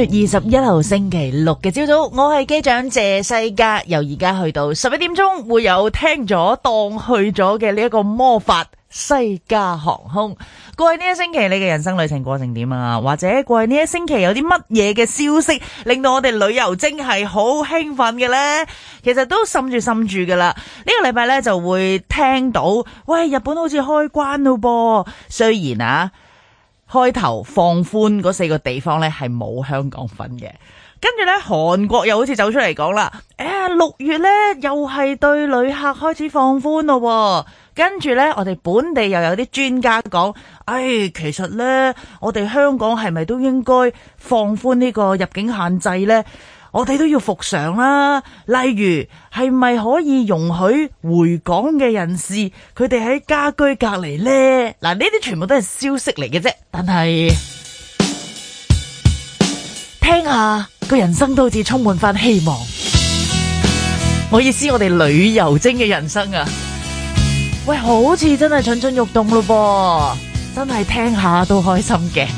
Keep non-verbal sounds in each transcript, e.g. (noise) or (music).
二十一號星期六嘅朝早，我係機長謝世嘉，由而家去到十一點鐘會有聽咗當去咗嘅呢一個魔法西加航空。過去呢一星期你嘅人生旅程過程點啊？或者過去呢一星期有啲乜嘢嘅消息令到我哋旅遊精係好興奮嘅呢？其實都滲住滲住噶啦，呢、這個禮拜呢，就會聽到喂，日本好似開關咯噃，雖然啊。開頭放寬嗰四個地方呢係冇香港份嘅，跟住呢，韓國又好似走出嚟講啦，誒、哎、六月呢又係對旅客開始放寬咯、哦，跟住呢，我哋本地又有啲專家講，唉、哎，其實呢，我哋香港係咪都應該放寬呢個入境限制呢？」我哋都要復常啦，例如係咪可以容許回港嘅人士佢哋喺家居隔離呢？嗱，呢啲全部都係消息嚟嘅啫，但係是聽下個人生都好似充滿翻希望。唔好意思，我哋旅遊精嘅人生啊，喂，好似真係蠢蠢欲動咯噃，真係聽下都開心嘅。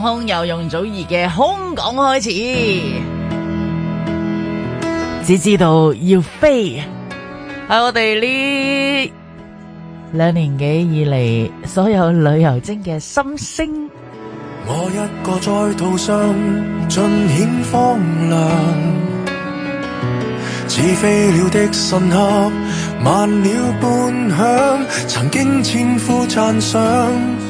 空又用祖兒嘅《空港》開始，只知道要飛，喺我哋呢兩年幾以嚟所有旅遊精嘅心聲。我一個在途上盡顯荒涼，似飛鳥的身客慢了半晌，曾經千呼讚賞。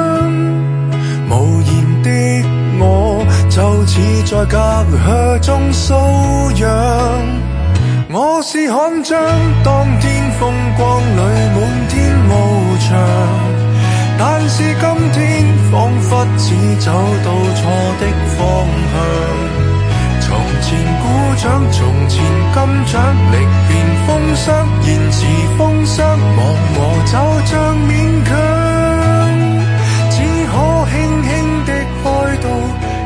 就似在隔靴中搔癢，我是看將，當天風光裏滿天翱翔，但是今天仿佛只走到錯的方向。從前鼓掌，從前金掌，歷遍風霜，言辭風霜，望我走向勉強。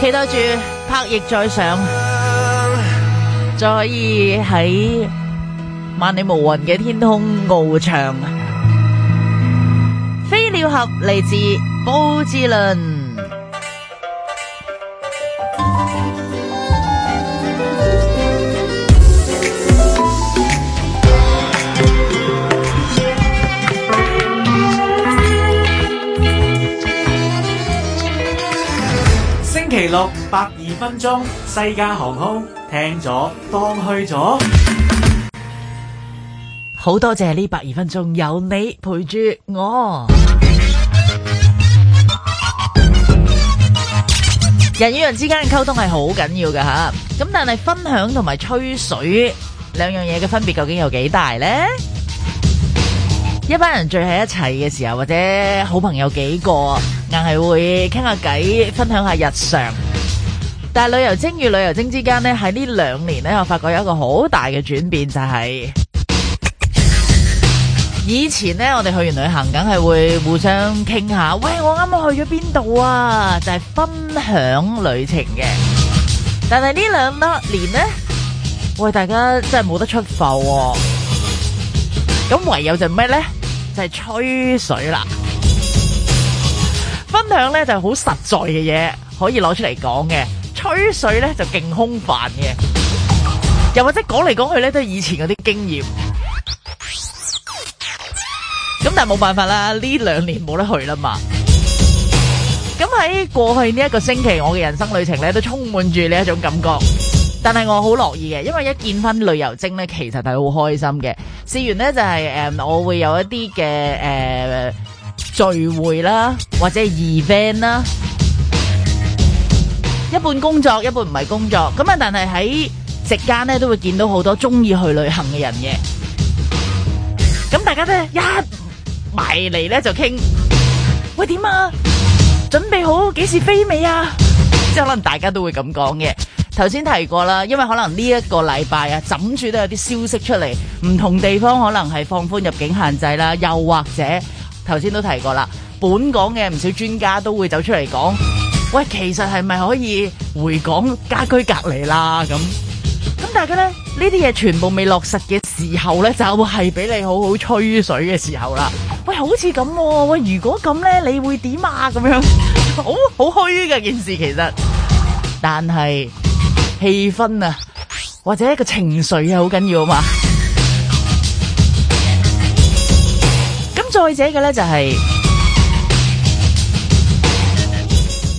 期待住拍翼再上，就可以喺萬里無雲嘅天空翱翔。飛鳥俠嚟自高志倫。六百二分鐘，西加航空聽咗當去咗，好多謝呢百二分鐘有你陪住我。人與人之間嘅溝通係好緊要嘅吓，咁但係分享同埋吹水兩樣嘢嘅分別究竟有幾大呢？一班人聚喺一齊嘅時候，或者好朋友幾個硬係會傾下偈，分享下日常。但係旅遊精與旅遊精之間呢，喺呢兩年呢，我發覺有一個好大嘅轉變，就係以前呢，我哋去完旅行，梗係會互相傾下，喂，我啱啱去咗邊度啊，就係分享旅程嘅。但係呢兩多年呢，喂，大家真係冇得出埠喎。咁唯有就咩呢？就係吹水啦，分享咧就係好實在嘅嘢可以攞出嚟講嘅，吹水咧就勁空泛嘅，又或者講嚟講去咧都係以前嗰啲經驗，咁但係冇辦法啦，呢兩年冇得去啦嘛，咁喺過去呢一個星期我嘅人生旅程咧都充滿住呢一種感覺。但係我好樂意嘅，因為一見翻旅遊精咧，其實係好開心嘅。試完咧就係、是、誒、嗯，我會有一啲嘅誒聚會啦，或者係 event 啦，一半工作，一半唔係工作。咁啊，但係喺席間咧都會見到好多中意去旅行嘅人嘅。咁大家都一埋嚟咧就傾，喂，點啊？準備好幾時飛未啊？即係可能大家都會咁講嘅。頭先提過啦，因為可能呢一個禮拜啊，枕住都有啲消息出嚟，唔同地方可能係放寬入境限制啦，又或者頭先都提過啦，本港嘅唔少專家都會走出嚟講，喂，其實係咪可以回港家居隔離啦？咁咁，大家咧呢啲嘢，全部未落實嘅時候咧，就係俾你好好吹水嘅時候啦。喂，好似咁啊，喂，如果咁咧，你會點啊？咁樣，好好虛嘅件事其實，但係。氣氛啊，或者個情緒啊，好緊要啊嘛。咁再者嘅呢就係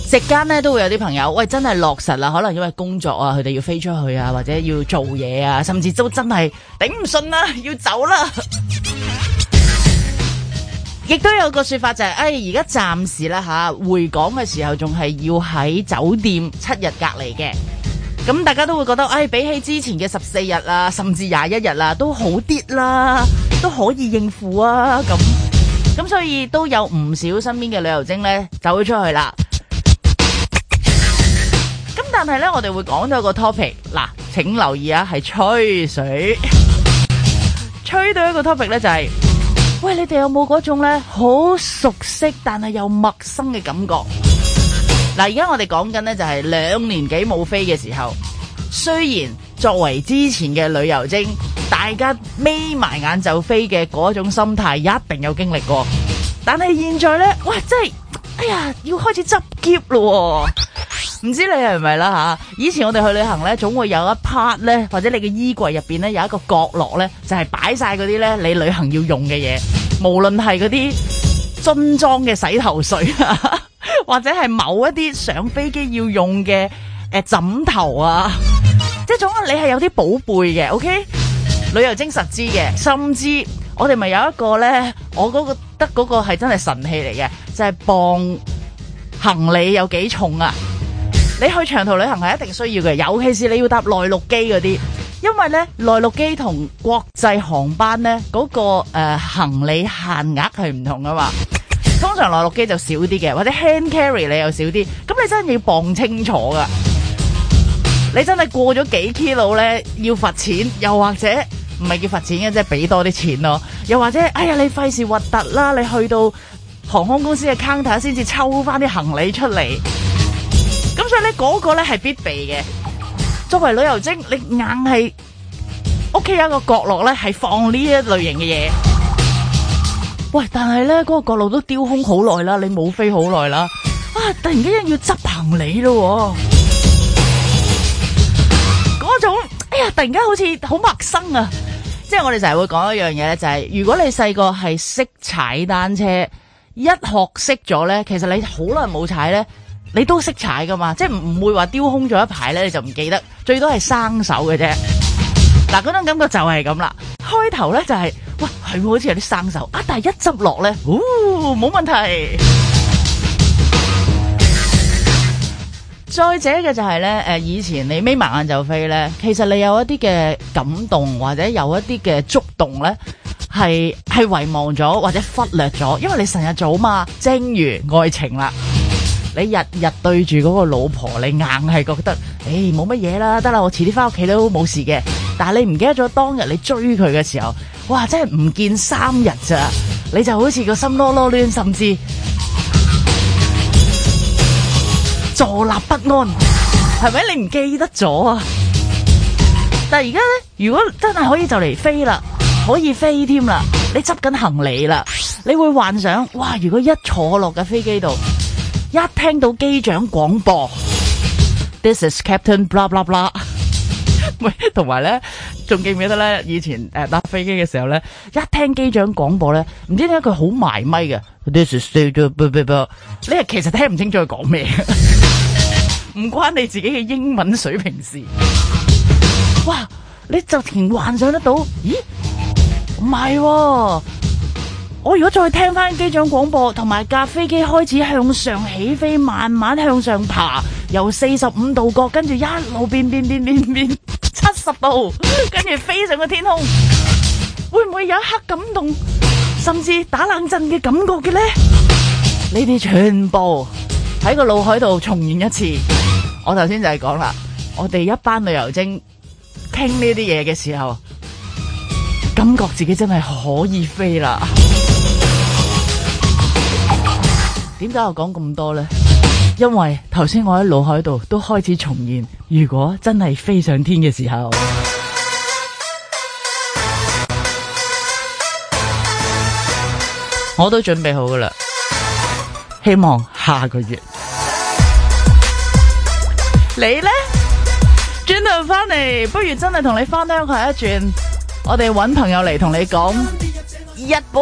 席間呢都會有啲朋友，喂，真係落實啦，可能因為工作啊，佢哋要飛出去啊，或者要做嘢啊，甚至都真係頂唔順啦，要走啦。亦都有個説法就係，唉，而家暫時啦嚇，回港嘅時候仲係要喺酒店七日隔離嘅。咁大家都會覺得，誒，比起之前嘅十四日啦，甚至廿一日啦，都好啲啦，都可以應付啊！咁咁，所以都有唔少身邊嘅旅遊精咧，走咗出去啦。咁但係咧，我哋會講到一個 topic，嗱，請留意啊，係吹水。吹到一個 topic 咧，就係，喂，你哋有冇嗰種咧，好熟悉但係又陌生嘅感覺？嗱，而家我哋講緊呢，就係兩年幾冇飛嘅時候，雖然作為之前嘅旅遊精，大家眯埋眼就飛嘅嗰種心態一定有經歷過，但係現在呢，哇，真係，哎呀，要開始執喼咯，唔知你係唔係啦吓？以前我哋去旅行呢，總會有一 part 呢，或者你嘅衣櫃入邊呢，有一個角落呢，就係擺晒嗰啲呢，你旅行要用嘅嘢，無論係嗰啲樽裝嘅洗頭水啊。 (laughs) 或者係某一啲上飛機要用嘅，誒枕頭啊，即係總之你係有啲寶貝嘅，OK？旅遊精實知嘅，甚至我哋咪有一個咧，我覺得嗰個係真係神器嚟嘅，就係、是、磅行李有幾重啊！你去長途旅行係一定需要嘅，尤其是你要搭內陸機嗰啲，因為咧內陸機同國際航班咧嗰、那個誒、呃、行李限額係唔同噶嘛。通常內陸機就少啲嘅，或者 hand carry 你又少啲，咁你真係要磅清楚噶。你真係過咗幾 kilo 咧，要罰錢，又或者唔係叫罰錢嘅，即係俾多啲錢咯。又或者，哎呀，你費事核突啦，你去到航空公司嘅 counter 先至抽翻啲行李出嚟。咁所以咧，嗰個咧係必備嘅。作為旅遊精，你硬係屋企有一個角落咧，係放呢一類型嘅嘢。喂，但係咧嗰個角落都丟空好耐啦，你冇飛好耐啦，啊！突然間要執行你咯，啊，嗰種哎呀，突然間好似好陌生啊！即係我哋成日會講一樣嘢咧，就係、是、如果你細個係識踩單車，一學識咗咧，其實你好耐冇踩咧，你都識踩噶嘛，即係唔會話丟空咗一排咧，你就唔記得，最多係生手嘅啫。嗱，嗰種感覺就係咁啦，開頭咧就係、是。係，好似有啲生手啊！但係一執落咧，唔、哦、冇問題。 (music) 再者嘅就係、是、咧，誒、呃，以前你眯埋眼就飛咧，其實你有一啲嘅感動或者有一啲嘅觸動咧，係係遺忘咗或者忽略咗，因為你成日做啊嘛，正如愛情啦。你日日對住嗰個老婆，你硬係覺得，誒、哎，冇乜嘢啦，得啦，我遲啲翻屋企都冇事嘅。但係你唔記得咗當日你追佢嘅時候，哇，真係唔見三日咋，你就好似個心囉囉攣，甚至坐立不安，係咪？你唔記得咗啊？但係而家咧，如果真係可以就嚟飛啦，可以飛添啦，你執緊行李啦，你會幻想，哇！如果一坐落嘅飛機度。一聽到機長廣播，This is Captain blah blah blah。喂， (laughs) 同埋咧，仲記唔記得咧？以前誒搭、呃、飛機嘅時候咧，一聽機長廣播咧，唔知點解佢好埋咪嘅，This is blah blah blah。你係其實聽唔清楚佢講咩，唔 (laughs) 關你自己嘅英文水平事。哇，你就連幻想得到？咦，唔係喎。我如果再聽翻機長廣播，同埋架飛機開始向上起飛，慢慢向上爬，由四十五度角，跟住一路變變變變變七十度，跟住飛上個天空，會唔會有一刻感動，甚至打冷震嘅感覺嘅呢？呢啲全部喺個腦海度重現一次。我頭先就係講啦，我哋一班旅遊精傾呢啲嘢嘅時候，感覺自己真係可以飛啦。點解我講咁多呢？因為頭先我喺腦海度都開始重現，如果真係飛上天嘅時候，我都準備好噶啦。希望下個月你呢轉頭翻嚟，不如真係同你翻鄉下一轉，我哋揾朋友嚟同你講日本。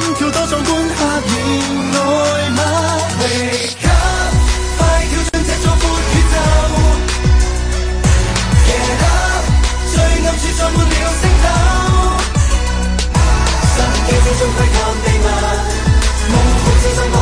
心跳多壯觀，發現愛嗎？Wake up，快跳進這座闊宇宙。Get up，最暗處裝滿了星斗。心驚之中窺探秘密，無恐懼中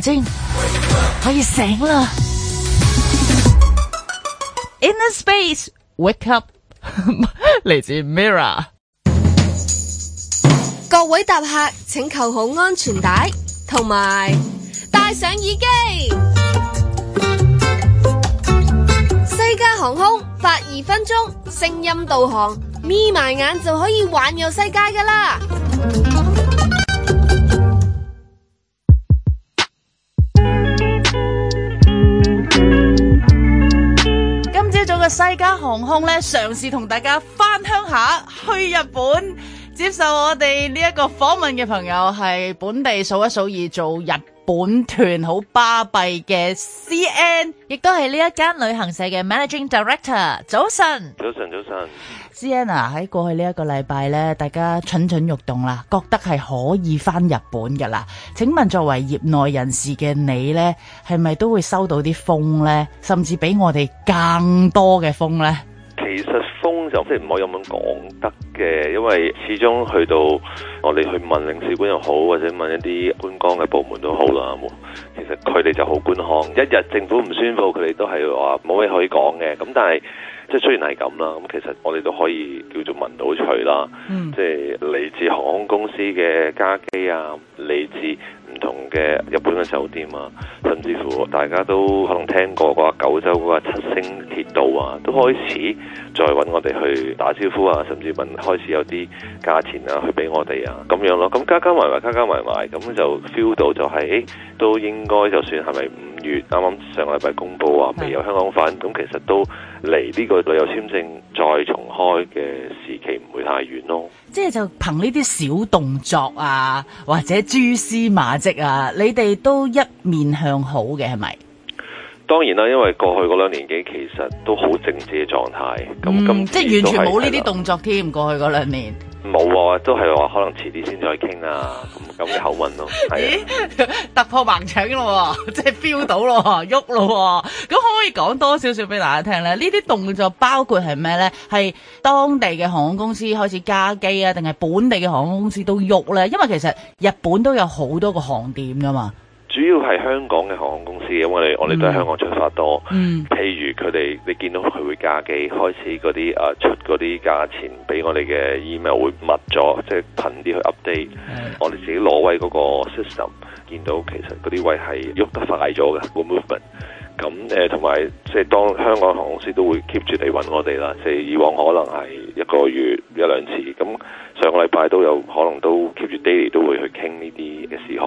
劉可以醒啦！In the space, wake up，嚟 (laughs) 自 Mirror。各位搭客，請扣好安全帶，同埋戴上耳機。西加航空發二分鐘聲音導航，眯埋眼就可以環遊世界㗎喇！西加航空咧，嘗試同大家返鄉下去日本，接受我哋呢一個訪問嘅朋友，係本地數一數二做日。本團好巴閉嘅 C N，亦都係呢一間旅行社嘅 Managing Director 早晨。早晨，早晨，早晨。C N 啊，喺過去呢一個禮拜呢，大家蠢蠢欲動啦，覺得係可以翻日本噶啦。請問作為業內人士嘅你呢，係咪都會收到啲風呢？甚至比我哋更多嘅風呢？其實。就即係唔可以咁講得嘅，因為始終去到我哋去問領事館又好，或者問一啲觀光嘅部門都好啦。其實佢哋就好觀看，一日政府唔宣布，佢哋都係話冇咩可以講嘅。咁但係即係雖然係咁啦，咁其實我哋都可以叫做聞到除啦。即係嚟自航空公司嘅加機啊，嚟自唔同嘅日本嘅酒店啊，甚至乎大家都可能聽過話、那個、九州嗰個七星鐵道啊，都開始，再搵我哋去打招呼啊，甚至問開始有啲價錢啊，去俾我哋啊，咁樣咯。咁加加埋埋，加加埋埋，咁就 feel 到就係、是，都、哎、應該就算係咪五月啱啱上個禮拜公布話未有香港返，咁是的 其實都離呢個旅遊簽證再重開嘅時期唔會太遠咯。即係就憑呢啲小動作啊，或者蛛絲馬跡啊，你哋都一面向好嘅係咪？是。當然啦，因為過去嗰兩年幾其實都好靜止嘅狀態。嗯，即係完全冇呢啲動作添。的過去嗰兩年冇喎，都係話可能遲啲先再傾啦。咁嘅 (laughs) 口吻咯。咦？的 (laughs) 突破盲腸咯，即係飆到咯，喐咯。 (laughs) 咁可唔可以講多少少俾大家聽咧？呢啲動作包括係咩咧？係當地嘅航空公司開始加機啊，定係本地嘅航空公司都喐咧？因為其實日本都有好多個航點噶嘛。主要係香港嘅航空公司，因為我哋我哋都喺香港出發多。Mm. 譬如佢哋，你見到佢會加機，開始嗰啲、啊、出嗰啲價錢，俾我哋嘅 email 會密咗，即係頻啲去 update。Mm. 我哋自己攞位嗰個 system 見到，其實嗰啲位係喐得快咗嘅，會 movement。咁、呃、誒，同埋即係當香港嘅航空公司都會 keep 住嚟揾我哋啦。即、就、係、是、以往可能係一個月一兩次咁，上個禮拜都有可能都 keep 住 daily 都會去傾呢啲嘅事項，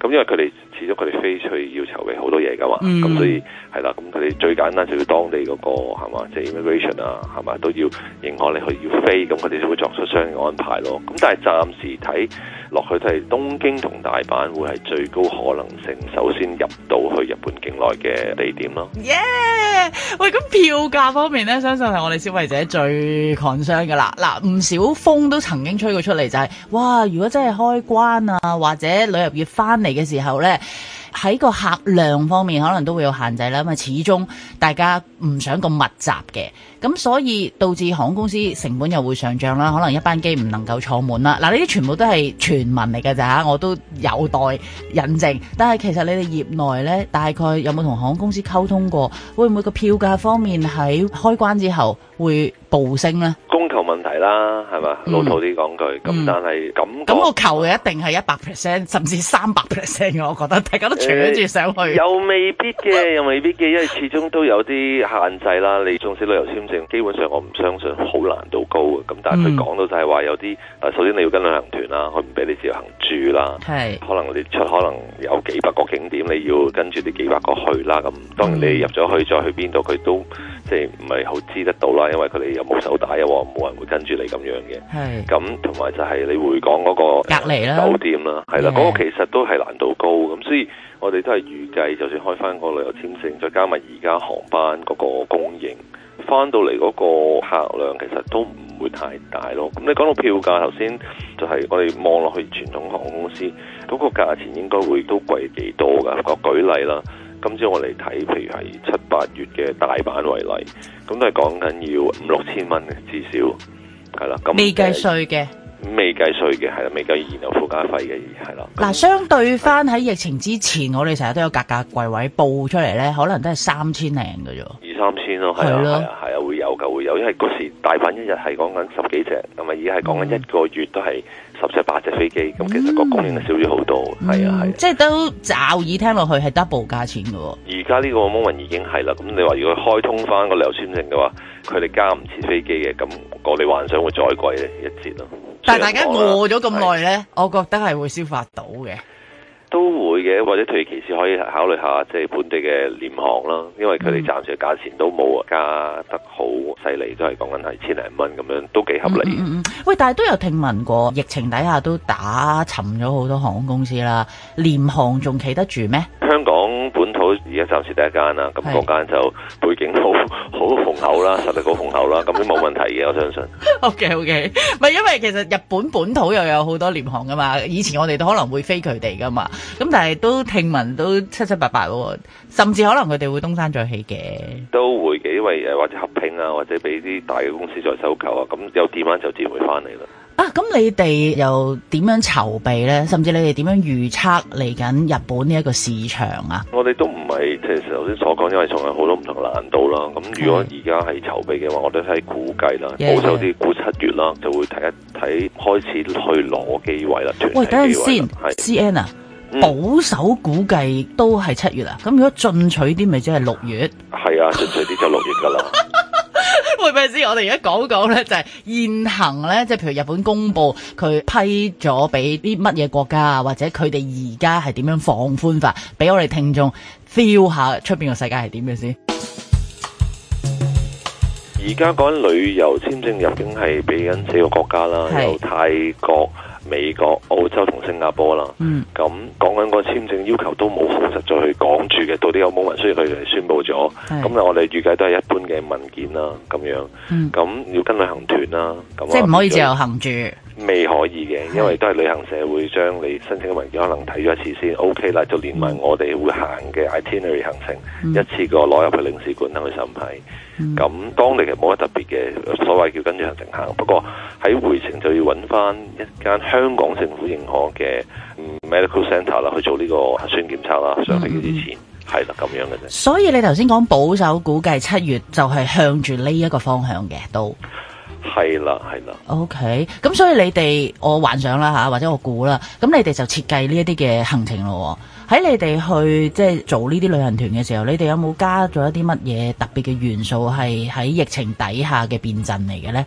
咁因為佢哋始終佢哋飛去要籌備好多嘢噶嘛，咁、mm. 所以係啦，咁佢哋最簡單就要當地嗰、那個係嘛，即係 im immigration 啊，係嘛都要認可你去要飛，咁佢哋就會作出相應安排咯。咁但係暫時睇落去都係東京同大阪會係最高可能性，首先入到去日本境內嘅地點咯。耶！Yeah! 喂，咁票價方面咧，相信係我哋消費者最 concern 嘅啦。嗱，唔少峰都曾經，吹過出嚟就係、哇！如果真係開關啊，或者旅遊業翻嚟嘅時候呢，喺個客量方面可能都會有限制啦。因為始終大家唔想咁密集嘅，咁所以導致航空公司成本又會上漲啦。可能一班機唔能夠坐滿啦。嗱，呢啲全部都係傳聞嚟㗎咋，我都有待引證。但係其實你哋業內呢，大概有冇同航空公司溝通過，會唔會個票價方面喺開關之後會暴升呢？啦，係嘛老土啲講句，咁、嗯、但係咁咁我求嘅一定係一百 percent，甚至三百 percent 嘅，我覺得大家都搶住上去。又、呃、未必嘅，又未必嘅，因為始終都有啲限制啦。 (laughs) 你中式旅遊簽證，基本上我唔相信好難度高嘅。咁但係佢講到就係話有啲，嗯、首先你要跟旅行團啦，佢唔俾你自行住啦。係是可能你出可能有幾百個景點，你要跟住呢幾百個去啦。咁當然你入咗去、嗯、再去邊度，佢都。即係唔係好知得到啦，因為佢哋又冇手帶喎，又冇人會跟住你咁樣嘅。係是。咁同埋就係你回港嗰、那個隔離、呃、酒店啦，係啦，嗰的個其實都係難度高咁，所以我哋都係預計，就算開翻個旅遊簽證，再加埋而家航班嗰個供應，翻到嚟嗰個客量其實都唔會太大咯。咁你講到票價頭先，才就係我哋望落去傳統航空公司嗰、那個價錢應該會都貴幾多㗎？我、那個、舉例啦。今朝我哋睇，譬如係七八月嘅大阪為例，咁都係講緊要五六千蚊嘅，至少係啦。未計稅嘅，未計稅嘅，係啦，未計燃油附加費嘅，係啦。嗱那，相對翻喺疫情之前，的我哋成日都有格價櫃位報出嚟咧，可能都係三千零嘅啫。二三千咯，係咯是的，係啊，會有嘅，會有，因為嗰時大阪一日係講緊十幾隻，同埋而家係講緊一個月都係。嗯十隻八隻飛機，咁、嗯、其實個供應係少咗好多，係啊係，即係都罩耳聽落去係 double 價錢嘅喎、哦。而家呢個 moment 已經係啦，咁你話如果開通翻個旅遊簽證嘅話，佢哋加唔切飛機嘅，咁我哋幻想會再貴一折咯。但係大家餓咗咁耐咧，是的我覺得係會消化到嘅。都會嘅，或者退其時可以考慮下，即係本地嘅廉航啦，因為佢哋暫時嘅價錢都冇話加得好犀利，都係講緊係千零蚊咁樣，都幾合理嗯。嗯嗯，喂，但係都有聽聞過疫情底下都打沉咗好多航空公司啦，廉航仲企得住咩？香港本土。而家暫時第一間啦，咁嗰是間就背景好好雄厚啦，實力好雄厚啦，咁都冇問題嘅， (laughs) 我相信。O K O K，唔係因為其實日本本土又有好多廉航㗎嘛，以前我哋都可能會飛佢哋㗎嘛，咁但係都聽聞都七七八八喎，甚至可能佢哋會東山再起嘅。都會嘅，因為誒或者合併啊，或者俾啲大嘅公司再收購啊，咁有點樣就自然會翻嚟啦。啊，咁你哋又點樣籌備咧？甚至你哋點樣預測嚟緊日本呢一個市場啊？我哋都唔係，即係頭先所講，因為仲有好多唔同難度啦。咁如果而家係籌備嘅話，我哋都係估計啦，yeah, 保守啲估七月啦，的就會睇一睇開始去攞機位啦。位啦喂，等陣先是，C N 啊，嗯、保守估計都係七月啦，啊、咁如果進取啲，咪即係六月。係啊，進取啲就六月㗎啦。 (laughs) 會唔會先？我哋而家講講咧，就係、是、現行咧，即係譬如日本公布佢批咗俾啲乜嘢國家啊，或者佢哋而家係點樣放寬法，俾我哋聽眾 feel 下出面個世界係點嘅先。而家講緊旅遊簽證入境係俾緊四個國家啦，有是泰國。美國、澳洲同新加坡啦，咁講緊個簽證要求都冇好實在去講住嘅，到底有冇人需要佢嚟宣佈咗？咁啊是，我哋預計都係一般嘅文件啦，咁樣，咁、嗯、要跟旅行團啦，咁即係唔可以自由行住，未可以嘅，因為都係旅行社會將你申請嘅文件是可能睇咗一次先，OK 啦，就連埋我哋會行嘅 itinerary 行程，嗯、一次過攞入去領事館等去審批。嗯。咁、嗯、當地係冇乜特別嘅，所謂叫跟住行程行。不過喺回程就要揾翻一間香港政府認可嘅 medical centre 啦，去做呢個核酸檢測啦，上飛之前，係啦咁樣嘅啫。所以你頭先講保守估計七月就係向住呢一個方向嘅，都係啦，係啦。OK，咁所以你哋我幻想啦吓或者我估啦，咁你哋就設計呢一啲嘅行程咯。喺你哋去即係做呢啲旅行團嘅時候，你哋有冇加咗一啲乜嘢特別嘅元素，係喺疫情底下嘅變陣嚟嘅咧？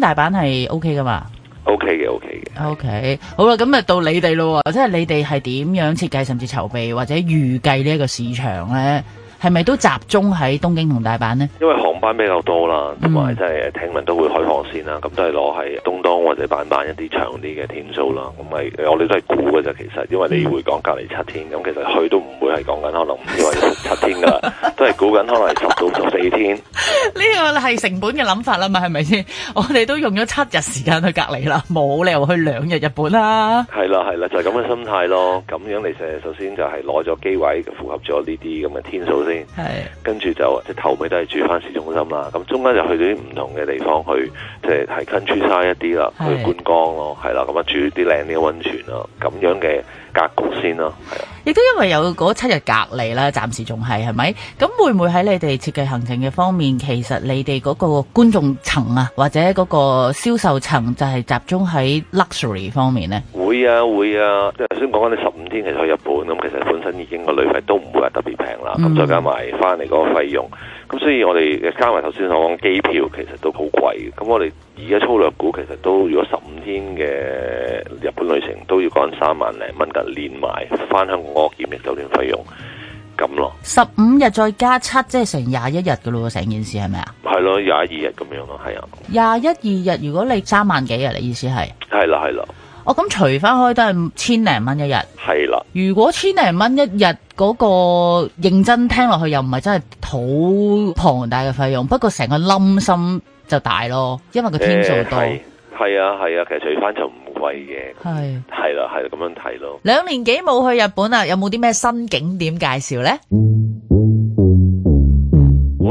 大阪係 O K 噶嘛？O K 嘅 O K 嘅 O K 好啦，咁啊到你哋咯，即係你哋係點樣設計甚至籌備或者預計呢一個市場咧？係咪都集中喺東京同大阪咧？因為航班比較多啦，同埋即係聽聞都會開航線啦，咁都係攞係東東或者板板一啲長啲嘅天數啦。咁係我哋都係估嘅啫，其實因為你會講隔離七天，咁其實佢都唔會係講緊可能唔要話七天噶，都係估緊可能十到十四天。呢個係成本嘅諗法啦嘛，係咪先？我哋都用咗七日時間去隔離啦，冇理由去兩日日本啦。係啦係啦，就係咁嘅心態咯，咁樣你成日。首先就係攞咗機位，符合咗呢啲咁嘅天數。係，跟住就即頭尾都係住翻市中心啦，咁中間就去到啲唔同嘅地方去，即係係跟住晒一啲啦，去觀光咯，係啦，咁啊住啲靚啲嘅溫泉咯，咁樣嘅格局先咯，係啊。亦都因為有嗰七日隔離啦，暫時仲係係咪？咁會唔會喺你哋設計行程嘅方面，其實你哋嗰個觀眾層啊，或者嗰個銷售層，就係集中喺 luxury 方面咧？係啊，會啊，即係頭先講緊你十五天其實去日本咁，其實本身已經個旅費都唔會話特別平啦。咁、mm hmm. 再加埋翻嚟個費用，咁所以我哋加埋頭先所講機票其實都好貴嘅。咁我哋而家粗略估，其實都如果十五天嘅日本旅程都要講三萬零蚊噶連埋翻香港檢疫酒店費用咁咯。十五日再加七，即係成廿一日噶咯，成件事係咪啊？係咯，廿二日咁樣咯，係啊。廿一二日，如果你三萬幾日，你意思係？係啦，係啦。我咁、哦、除翻開都係千零蚊一日，係啦。如果千零蚊一日嗰個認真聽落去，又唔係真係好龐大嘅費用。不過成個冧心就大咯，因為個天數多。係啊係啊，其實除翻就唔貴嘅。係係啦係啦，咁樣睇咯。兩年幾冇去日本啦，有冇啲咩新景點介紹呢？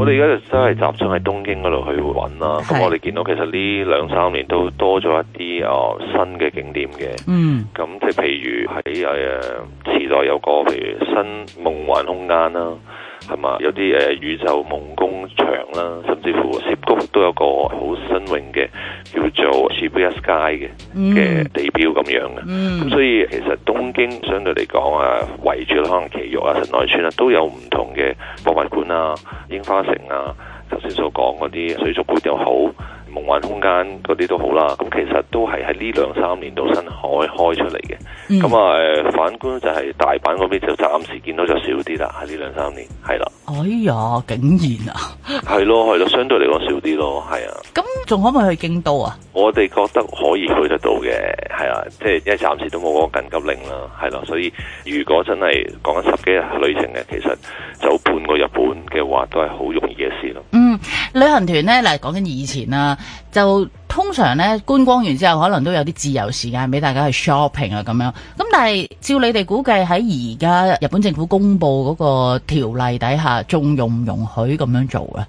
(noise) 我哋而家就真係集中喺東京嗰度去揾啦。咁的我哋見到其實呢兩三年都多咗一啲啊新嘅景點嘅。嗯。咁即係譬如喺誒、呃、池袋有個譬如新夢幻空間啦。係嘛？有啲誒宇宙夢工場啦，甚至乎涉谷都有個好新穎嘅，叫做 Shibuya Sky 嘅嘅地標咁樣嘅。咁、嗯嗯、所以其實東京相對嚟講啊，圍住可能埼玉啊、神奈川啊，都有唔同嘅博物館啊、櫻花城啊，頭先所講嗰啲水族館又好。夢幻空間嗰啲都好啦，咁其實都係喺呢兩三年到新海開出嚟嘅。咁啊、嗯，反觀就係大阪嗰邊就暫時見到就少啲啦。喺呢兩三年係啦。哎呀，竟然啊！係咯，係咯，相對嚟講少啲咯，係啊。咁仲可唔可以去京都啊？我哋覺得可以去得到嘅，係啊，即係因為暫時都冇嗰個緊急令啦，係啦，所以如果真係講緊十幾日旅程嘅，其實走半個日本嘅話，都係好容易嘅事咯。嗯。旅行團呢，嗱講緊以前啦啊，就通常呢，觀光完之後，可能都有啲自由時間俾大家去 shopping 啊，咁樣。咁但係照你哋估計喺而家日本政府公布嗰個條例底下，仲容唔容許咁樣做啊？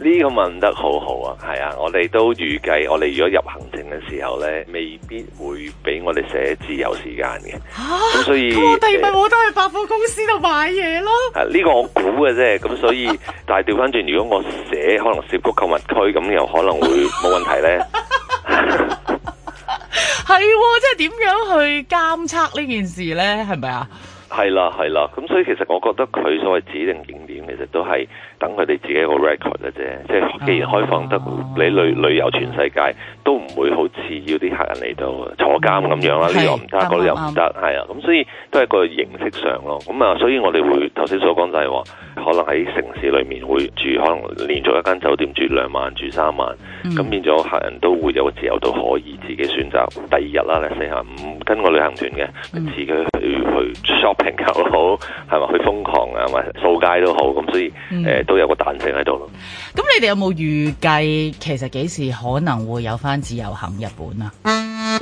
呢個問得很好好啊，係啊，我哋都預計，我哋如果入行程嘅時候咧，未必會俾我哋寫自由時間嘅。咁、啊、所以我哋咪冇得去百貨公司度買嘢咯。呢、啊這個我估嘅啫，咁所以， (laughs) 但係調翻轉，如果我寫可能涉及購物區，咁又可能會冇問題咧。係喎，即係點樣去監測呢件事咧？係咪啊？係啦、啊，係啦、啊，咁所以其實我覺得佢所謂指定景點。其實都係等佢哋自己一個 record 嘅啫，即係既然開放得你旅旅遊全世界，都唔會好似要啲客人嚟到坐監咁樣啦，呢樣唔得，嗰樣唔得，係啊，咁所以都係個形式上咯。咁啊，所以我哋會頭先所講就係話，可能喺城市裏面會住，可能連續一間酒店住兩晚，住三晚，咁變咗客人都會有個自由度，可以自己選擇第二日啦，你四下，五跟個旅行團嘅自己去去 shopping 又好，係咪？去瘋狂啊，或者掃街都好。咁所以誒、呃、都有個彈性喺度咯。咁、嗯、你哋有冇預計其實幾時可能會有翻自由行日本啊？嗯、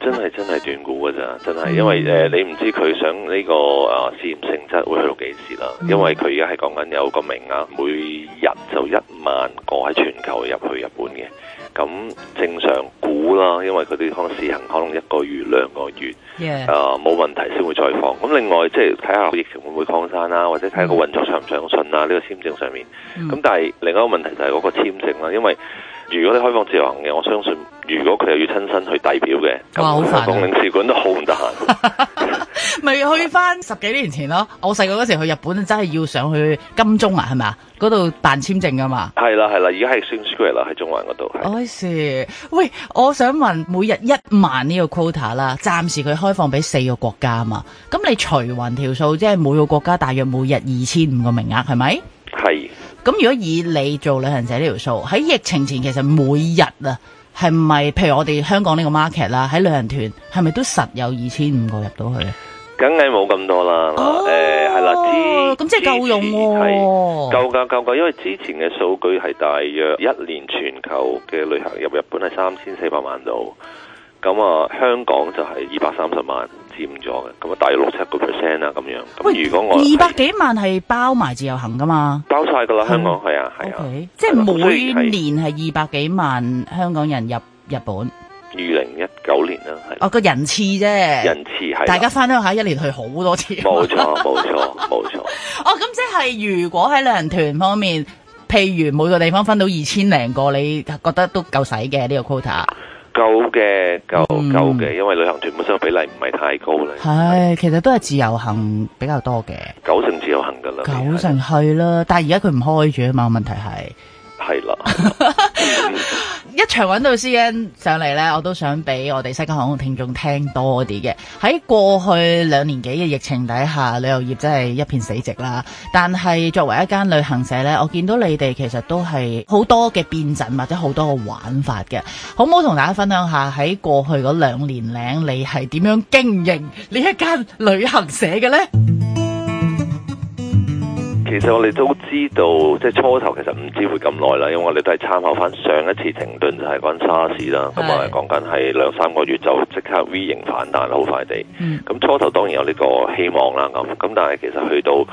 真係真係斷估㗎咋，真係，真嗯、因為誒，你唔知佢想呢個啊試驗性質會去到幾時啦、啊。嗯、因為佢而家係講緊有一個名額，每日就一萬個喺全球入去日本嘅。咁正常估啦，因為佢哋可能試行，可能一個月兩個月，冇 Yeah.、呃、問題先會再放。咁另外即係睇下疫情會唔會擴散啦，或者睇下運長長、這個運作暢唔暢順啊？呢個簽證上面。咁、mm. 但係另外一個問題就係嗰個簽證啦，因為。如果你開放自由行嘅，我相信如果佢又要親身去遞表嘅，咁好哇那煩，同領事館都好唔得閒。咪去翻十幾年前咯，我細個嗰時候去日本真係要上去金鐘啊，係咪啊？嗰度辦簽證噶嘛。係啦，係啦，而家係 Spring Square 啦，喺中環嗰度。我是 (laughs) 喂，我想問每日一萬呢個 quota 啦，暫時佢開放俾四個國家嘛？咁你除還條數，即係每個國家大約每日二千五個名額，係咪？係。咁如果以你做旅行者呢條數喺疫情前，其實每日啊，係咪譬如我哋香港呢個 market 啦，喺旅行團係咪都實有二千五個入到去？梗係冇咁多、哦欸、啦，哦，係啦、啊，咁即係夠用喎，夠㗎、夠㗎，因為之前嘅數據係大約一年全球嘅旅行入日本係三千四百萬度，咁啊香港就係二百三十萬。佔咗嘅，咁啊大約六七個 percent 啊。咁樣。喂，如果我二百幾萬係包埋自由行噶嘛？包晒噶啦，是的香港係啊係啊，okay. 的即係每年係二百幾萬香港人入日本。二零一九年啊，係。哦，個人次啫，人次係。大家翻鄉下一年去好多次。冇錯，冇錯，冇 (laughs) 錯。哦，咁即係如果喺旅行團方面，譬如每個地方分到二千零個，你覺得都夠使嘅呢個 quota？夠嘅，夠夠嘅，因為旅行團本身比例唔係太高啦。係唉，是其實都係自由行比較多嘅，九成自由行噶啦，九成係啦的。但係而家佢唔開住啊嘛，問題係。係啦， (laughs) 一場揾到 C N 上嚟呢，我都想俾我哋西加航空聽眾聽多啲嘅。喺過去兩年幾嘅疫情底下，旅遊業真係一片死寂啦。但係作為一間旅行社呢，我見到你哋其實都係好多嘅變陣或者好多嘅玩法嘅，好唔好同大家分享下喺過去嗰兩年零你係點樣經營呢一間旅行社嘅呢？其實我哋都知道，即係初頭其實唔知會咁耐啦，因為我哋都係參考翻上，上一次停頓係講沙 a r 啦，咁啊講緊係兩三個月就即刻 V 型反彈啦，好快地。咁、嗯、初頭當然有呢個希望啦，咁咁但係其實去到，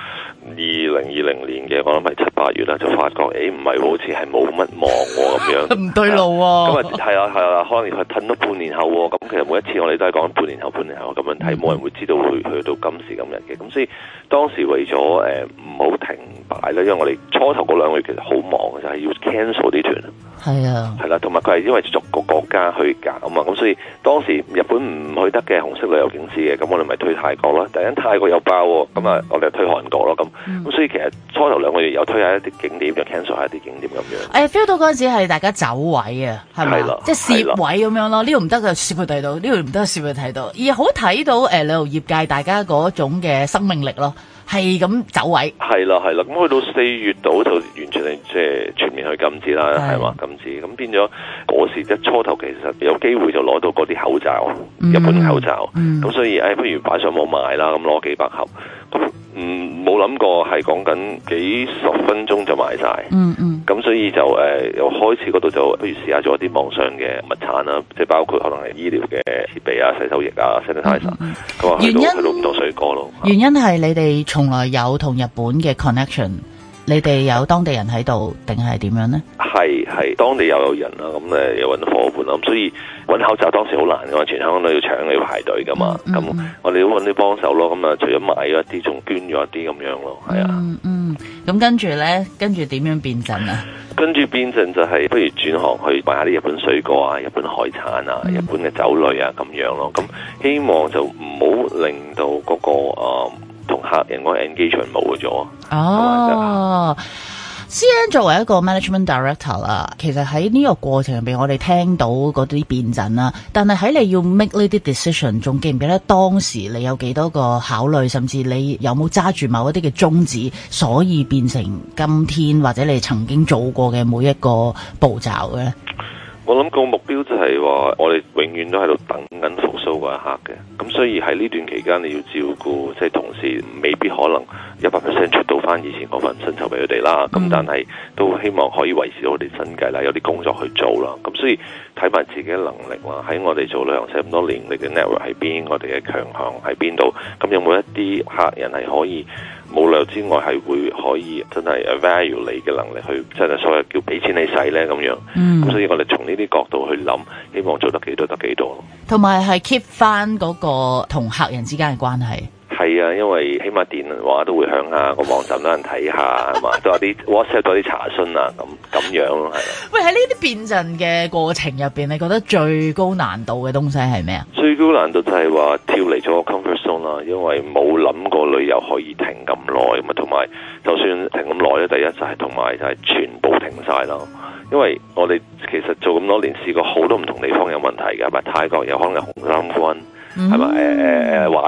二零二零年嘅，我諗係七八月啦，就發覺，誒、哎，唔係好似係冇乜忙咁、啊、樣，唔 (laughs) 對路。咁啊，係啊，係啊，啊，啊，可能佢褪咗半年後、啊，咁其實每一次我哋都係講半年後，半年後咁樣睇，冇人會知道會去到今時今日嘅。咁所以當時為咗誒唔好停擺咧，因為我哋初頭嗰兩個月其實好忙，就係、是、要 cancel 啲團。係啊，係啦，同埋佢係因為逐個國家去搞啊嘛，咁所以當時日本唔去得嘅紅色旅遊警示嘅，咁我哋咪推泰國咯。突然間泰國有爆喎，咁啊我哋又推韓國咯。咁咁、嗯、所以其實初頭兩個月又推下一啲景點，就 cancel 下啲景點咁樣。誒 feel、哎、到嗰陣時係大家走位啊，係咪啊？的即係攝位咁樣咯，呢度唔得嘅攝佢睇到，呢度唔得攝佢睇到，而好睇到誒旅遊業界大家嗰種嘅生命力咯。係咁走位，係啦係啦，咁去到四月度就完全係即係全面去禁止啦，係嘛禁止，咁變咗嗰時一初頭其實有機會就攞到嗰啲口罩，日本、嗯、口罩，咁、嗯、所以誒、哎、不如擺上網賣啦，咁攞幾百盒。嗯，冇諗過係講緊幾十分鐘就賣晒、嗯。嗯嗯，咁所以就誒，又、呃、開始嗰度就不如試下做一啲網上嘅物產啦，即係包括可能係醫療嘅設備啊、洗手液啊、sanitiser、嗯。佢話，去到因去到咁多水果咯。原因係你哋從來有同日本嘅 connection。你哋有當地人喺度定係點樣呢？係係當地又有人啦，咁誒又搵到夥伴啦，咁所以搵口罩當時好難嘅嘛，全香港都要搶，要排隊㗎嘛，咁我哋都搵啲幫手咯，咁啊除咗買咗一啲，仲捐咗一啲咁樣咯，係啊，嗯咁、嗯、跟住呢，跟住點樣變陣啊？跟住變陣就係、是、不如轉行去買下啲日本水果啊、日本海產啊、嗯、日本嘅酒類啊咁樣咯，咁希望就唔好令到嗰個啊。嗯客人我的 n g a n 冇咗哦，C N 作為一個 management director 啦，其實喺呢個過程入邊，我哋聽到嗰啲變陣啦，但係喺你要 make 呢啲 decision 仲記唔記得當時你有幾多個考慮，甚至你有冇揸住某一啲嘅宗旨，所以變成今天或者你曾經做過嘅每一個步驟嘅咧？我諗個目標就係話，我哋永遠都喺度等緊復甦嗰一刻嘅。咁所以喺呢段期間，你要照顧，即係同時未必可能一百 percent 出到翻以前嗰份薪酬俾佢哋啦。咁但係都希望可以維持到我哋生計啦，有啲工作去做啦。咁所以睇埋自己嘅能力啦，喺我哋做旅行社咁多年，你嘅 network 喺邊，我哋嘅強項喺邊度？咁有冇一啲客人係可以？冇料之外係會可以真係、e、value 你嘅能力去，真、就、係、是、所謂叫俾錢你使咧咁樣。咁、嗯、所以我哋從呢啲角度去諗，希望做得幾多得幾多。同埋係 keep 翻嗰個同客人之間嘅關係。係啊，因為起碼電話都會響下，個網站有人睇下啊 (laughs) 嘛，都有啲 WhatsApp，有啲查詢啊咁咁樣咯，係。的喂，喺呢啲變陣嘅過程入邊，你覺得最高難度嘅東西係咩啊？最高難度就係話跳離咗。因為冇諗過旅遊可以停咁耐，咁啊，同埋就算停咁耐咧，第一就係同埋就係、是、全部停晒咯。因為我哋其實做咁多年，試過好多唔同地方有問題嘅，係咪？泰國有可能紅三軍，係咪？誒誒誒，華、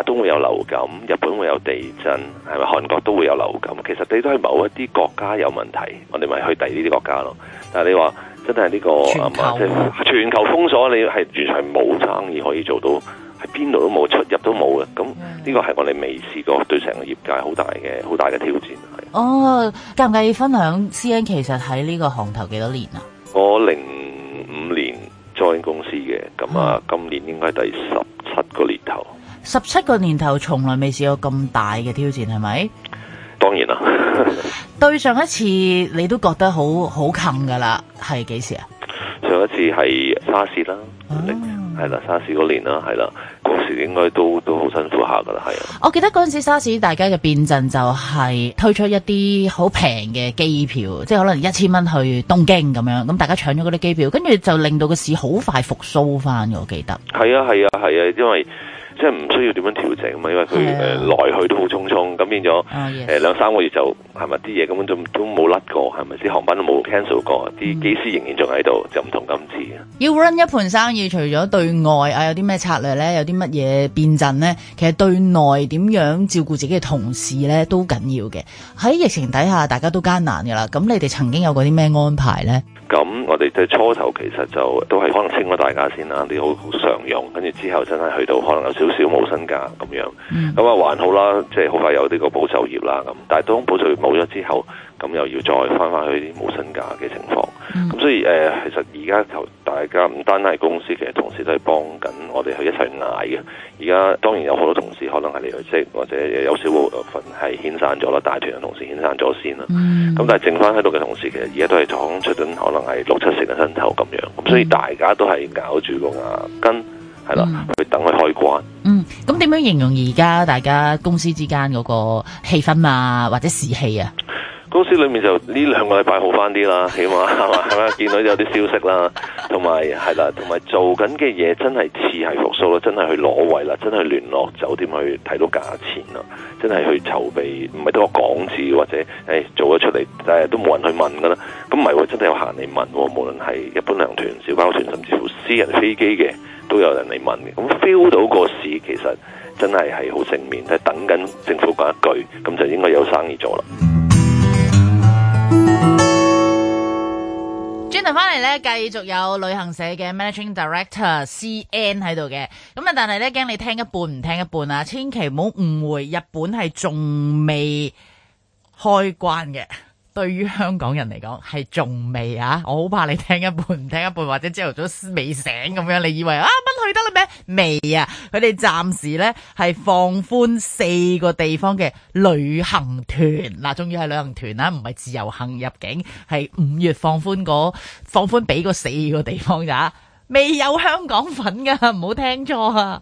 hmm. 東、呃、會有流感，日本會有地震，係咪？韓國都會有流感。其實你都係某一啲國家有問題，我哋咪去第二啲國家咯。但係你話真係呢、這個，即係全，球、啊就是、全球封鎖，你係完全冇生意可以做到。邊度都冇出入都冇嘅，咁呢個係我哋未試過對成個業界好大嘅好大嘅挑戰，係。哦，介唔介意分享 C N 其實喺呢個行頭幾多年啊？我零五年 join 公司嘅，咁啊，嗯、今年應該第十七個年頭。十七個年頭，從來未試過咁大嘅挑戰，係咪？當然啦。 (laughs) 對上一次你都覺得好好近噶啦，係幾時啊？上一次係沙士啦。係啦，沙士嗰年啦，係啦，嗰時應該都都好辛苦下噶啦，係。我記得嗰陣時沙士，大家嘅變陣就係推出一啲好平嘅機票，即係可能一千蚊去東京咁樣，咁大家搶咗嗰啲機票，跟住就令到個市好快復甦翻，我記得。係啊係啊係啊，因為。即係唔需要點樣調整啊，因為佢誒來去都好匆匆，咁變咗誒兩三個月，就係咪啲嘢根本都都冇甩過，係咪先？航班都冇 cancel 過，啲機師仍然仲喺度，就唔同今次。要 run 一盤生意，除咗對外啊，有啲咩策略咧，有啲乜嘢變陣咧，其實對內點樣照顧自己嘅同事咧都緊要嘅。喺疫情底下，大家都艱難噶啦，咁你哋曾經有過啲咩安排咧？咁我哋即係初頭其實就都係可能清咗大家先啦，啲好常用，跟住之後真係去到可能有少少冇薪假咁樣，咁啊還好啦，即係好快有呢個保就業啦咁，但係當保就業冇咗之後。咁又要再翻翻去冇薪假嘅情況，咁、嗯、所以、呃、其實而家求大家唔單係公司嘅同事都係幫緊我哋去一齊捱嘅。而家當然有好多同事可能係離職，或者有少部分係遣散咗啦，大團嘅同事遣散咗先啦。咁、嗯、但係剩翻喺度嘅同事其實而家都係講出緊可能係六七成嘅薪酬咁樣，咁、嗯、所以大家都係咬住個牙根係啦去等佢開關。嗯，咁點樣形容而家大家公司之間嗰個氣氛啊，或者士氣啊？公司裏面就呢兩個禮拜好翻啲啦，起碼係咪，見到有啲消息啦，同埋係啦，同埋做緊嘅嘢真係似係復甦啦，真係去攞位啦，真係聯絡酒店去睇到價錢啦，真係去籌備，唔係得個港紙或者誒、哎、做咗出嚟，但係都冇人去問噶啦。咁唔係，真係有閒嚟問，無論係一般旅行團、小包船，甚至乎私人飛機嘅都有人嚟問嘅。咁 feel 到個市其實真係係好正面，但係等緊政府講一句，咁就應該有生意做啦。翻嚟咧，繼續有旅行社嘅 Managing Director C N 喺度嘅，咁啊，但係咧，驚你聽一半唔聽一半啊，千祈唔好誤會，日本係仲未開關嘅。對於香港人嚟講係仲未啊！我好怕你聽一半唔聽一半，或者朝頭早未醒咁樣，你以為啊，奔去得啦咩？未啊！佢哋暫時呢係放寬四個地方嘅旅行團嗱、啊，終於係旅行團啦、啊，唔係自由行入境，係五月放寬嗰放寬俾嗰四個地方咋、啊？未有香港粉噶，唔好聽錯啊！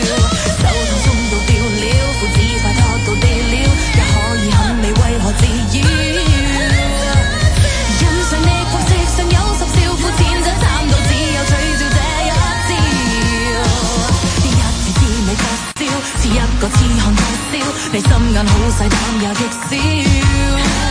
痴漢夜宵，你心眼好細，膽也極小。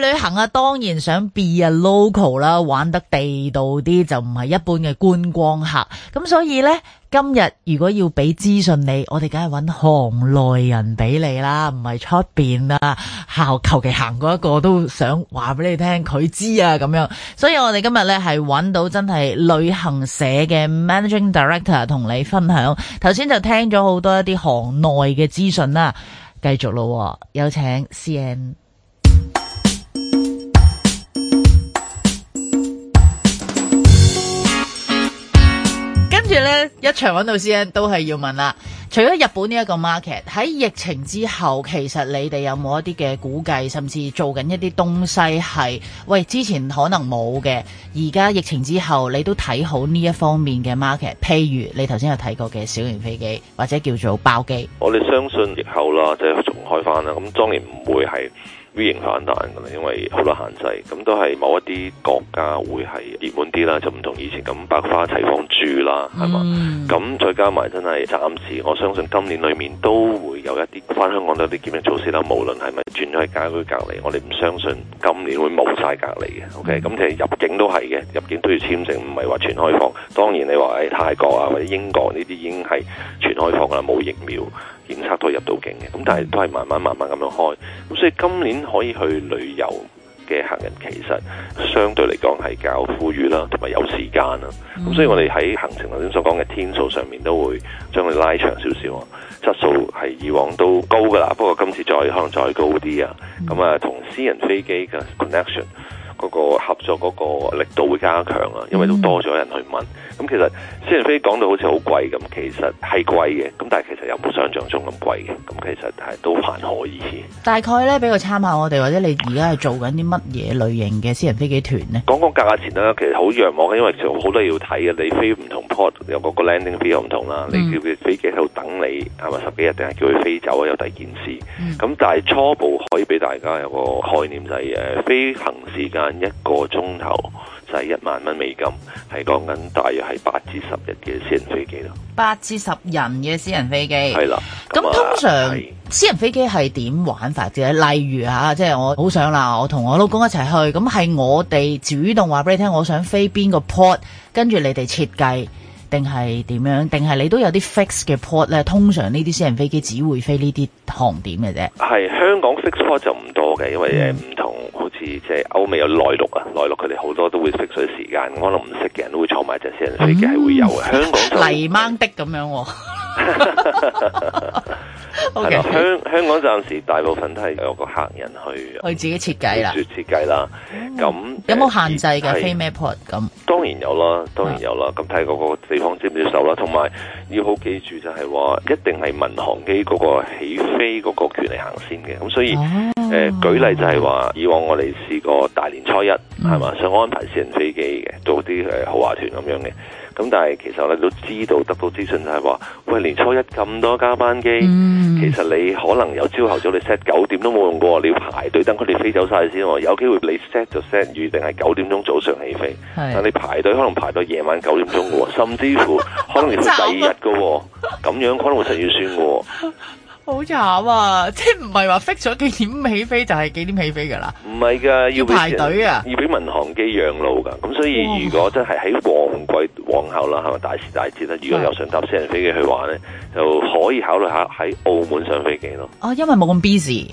去旅行啊，當然想 be a local 啦，玩得地道啲就唔係一般嘅觀光客。咁所以呢，今日如果要俾資訊你，我哋梗係揾行內人俾你啦，唔係出邊啦。行求其行過一個都想話俾你聽，佢知啊咁樣。所以我哋今日呢，係揾到真係旅行社嘅 Managing Director 同你分享。頭先就聽咗好多一啲行內嘅資訊啦，繼續咯，有請 CN。嗯、一場揾到先都係要問啦。除咗日本呢一個 market，喺疫情之後，其實你哋有冇一啲嘅估計，甚至做緊一啲東西係？喂，之前可能冇嘅，而家疫情之後，你都睇好呢一方面嘅 market。譬如你頭先有睇過嘅小型飛機，或者叫做包機。我哋相信疫後啦，即係重開返啦。咁當然唔會係。微型反彈噶啦，因為好多限制，咁都係某一啲國家會係熱門啲啦，就唔同以前咁百花齊放住啦，係嘛？咁、嗯、再加埋真係暫時，我相信今年裏面都會有一啲翻香港都有啲檢疫措施啦，無論係咪轉咗喺家居隔離，我哋唔相信今年會冇晒隔離嘅。OK，咁其實入境都係嘅，入境都要簽證，唔係話全開放。當然你話喺泰國啊，或者英國呢啲已經係全開放噶啦，冇疫苗。檢測都入到境嘅，咁但係都係慢慢慢慢咁樣開，咁所以今年可以去旅遊嘅客人，其實相對嚟講係較富裕啦，同埋有，有時間啦，咁所以我哋喺行程頭先所講嘅天數上面都會將佢拉長少少啊，質素係以往都高噶啦，不過今次再可能再高啲啊，咁啊同私人飛機嘅 connection。嗰個合作嗰個力度會加強啊，因為都多咗人去問。咁、嗯、其實私人飛講到好似好貴咁，其實係貴嘅。咁但係其實又冇想象中咁貴嘅。咁其實係都還可以。大概咧，俾個參考我哋，或者你而家係做緊啲乜嘢類型嘅私人飛機團呢？講講價錢啦，其實好曖昧，因為就好多要睇嘅。你飛唔同 port，有個 land、嗯、個 landing fee 又唔同啦。你叫佢飛機喺度等你，係咪十幾日定係叫佢飛走啊？有第二件事。咁、嗯、但係初步可以俾大家有個概念就係誒，飛行時間。一個鐘頭就係、是、一萬蚊美金，係講緊大約係八至十日嘅私人飛機咯。八至十人嘅私人飛機係啦。咁、嗯啊、通常是的私人飛機係點玩法嘅？例如吓，即、啊、係、就是、我好想啦，我同我老公一齊去，咁係我哋主動話俾你聽，我想飛邊個 port，跟住你哋設計。定係點樣？定係你都有啲 fix 嘅 port 咧？通常呢啲私人飛機只會飛呢啲航點嘅啫。係香港 fix port 就唔多嘅，因為誒唔同，嗯、好似即係歐美有內陸啊，內陸佢哋好多都會 fix 咗時間，可能唔識嘅人都會坐埋隻私人飛機係、嗯、會有嘅。香港 (laughs) 黎曼的咁樣、喎 (laughs) 香 (laughs) (laughs) Okay, 香港暫時大部分都係有個客人去，去自己設計啦，設計啦。咁、嗯、那有冇限制嘅飛咩 port？咁當然有啦，當然有啦。咁睇下個地方接唔接受啦，同埋要好記住就係話，一定係民航機嗰個起飛嗰個權利行先嘅。咁所以誒、啊呃，舉例就係話，以往我哋試過大年初一係嘛、嗯，想安排私人飛機嘅，做啲誒豪華團咁樣嘅。咁但係其實我哋都知道得到資訊就係話，喂，年初一咁多加班機，嗯、其實你可能有朝頭早你 set 九點都冇用過，你要排隊等佢哋飛走晒先喎、哦，有機會你 set 就 set 預定係九點鐘早上起飛，是但你排隊可能排到夜晚九點鐘喎、哦， (laughs) 甚至乎可能要到第二日嘅喎、哦，咁 (laughs) 樣可能會成要算喎、哦。好慘啊！即係唔係話 fix 咗幾點起飛就係幾點起飛噶啦？唔係噶，要排隊啊，要俾民航機讓路噶。咁、哦、所以如果真係喺旺季、往後啦，係咪大時大節咧？的如果有想搭私人飛機去玩咧，就可以考慮下喺澳門上飛機咯。哦、啊，因為冇咁 busy。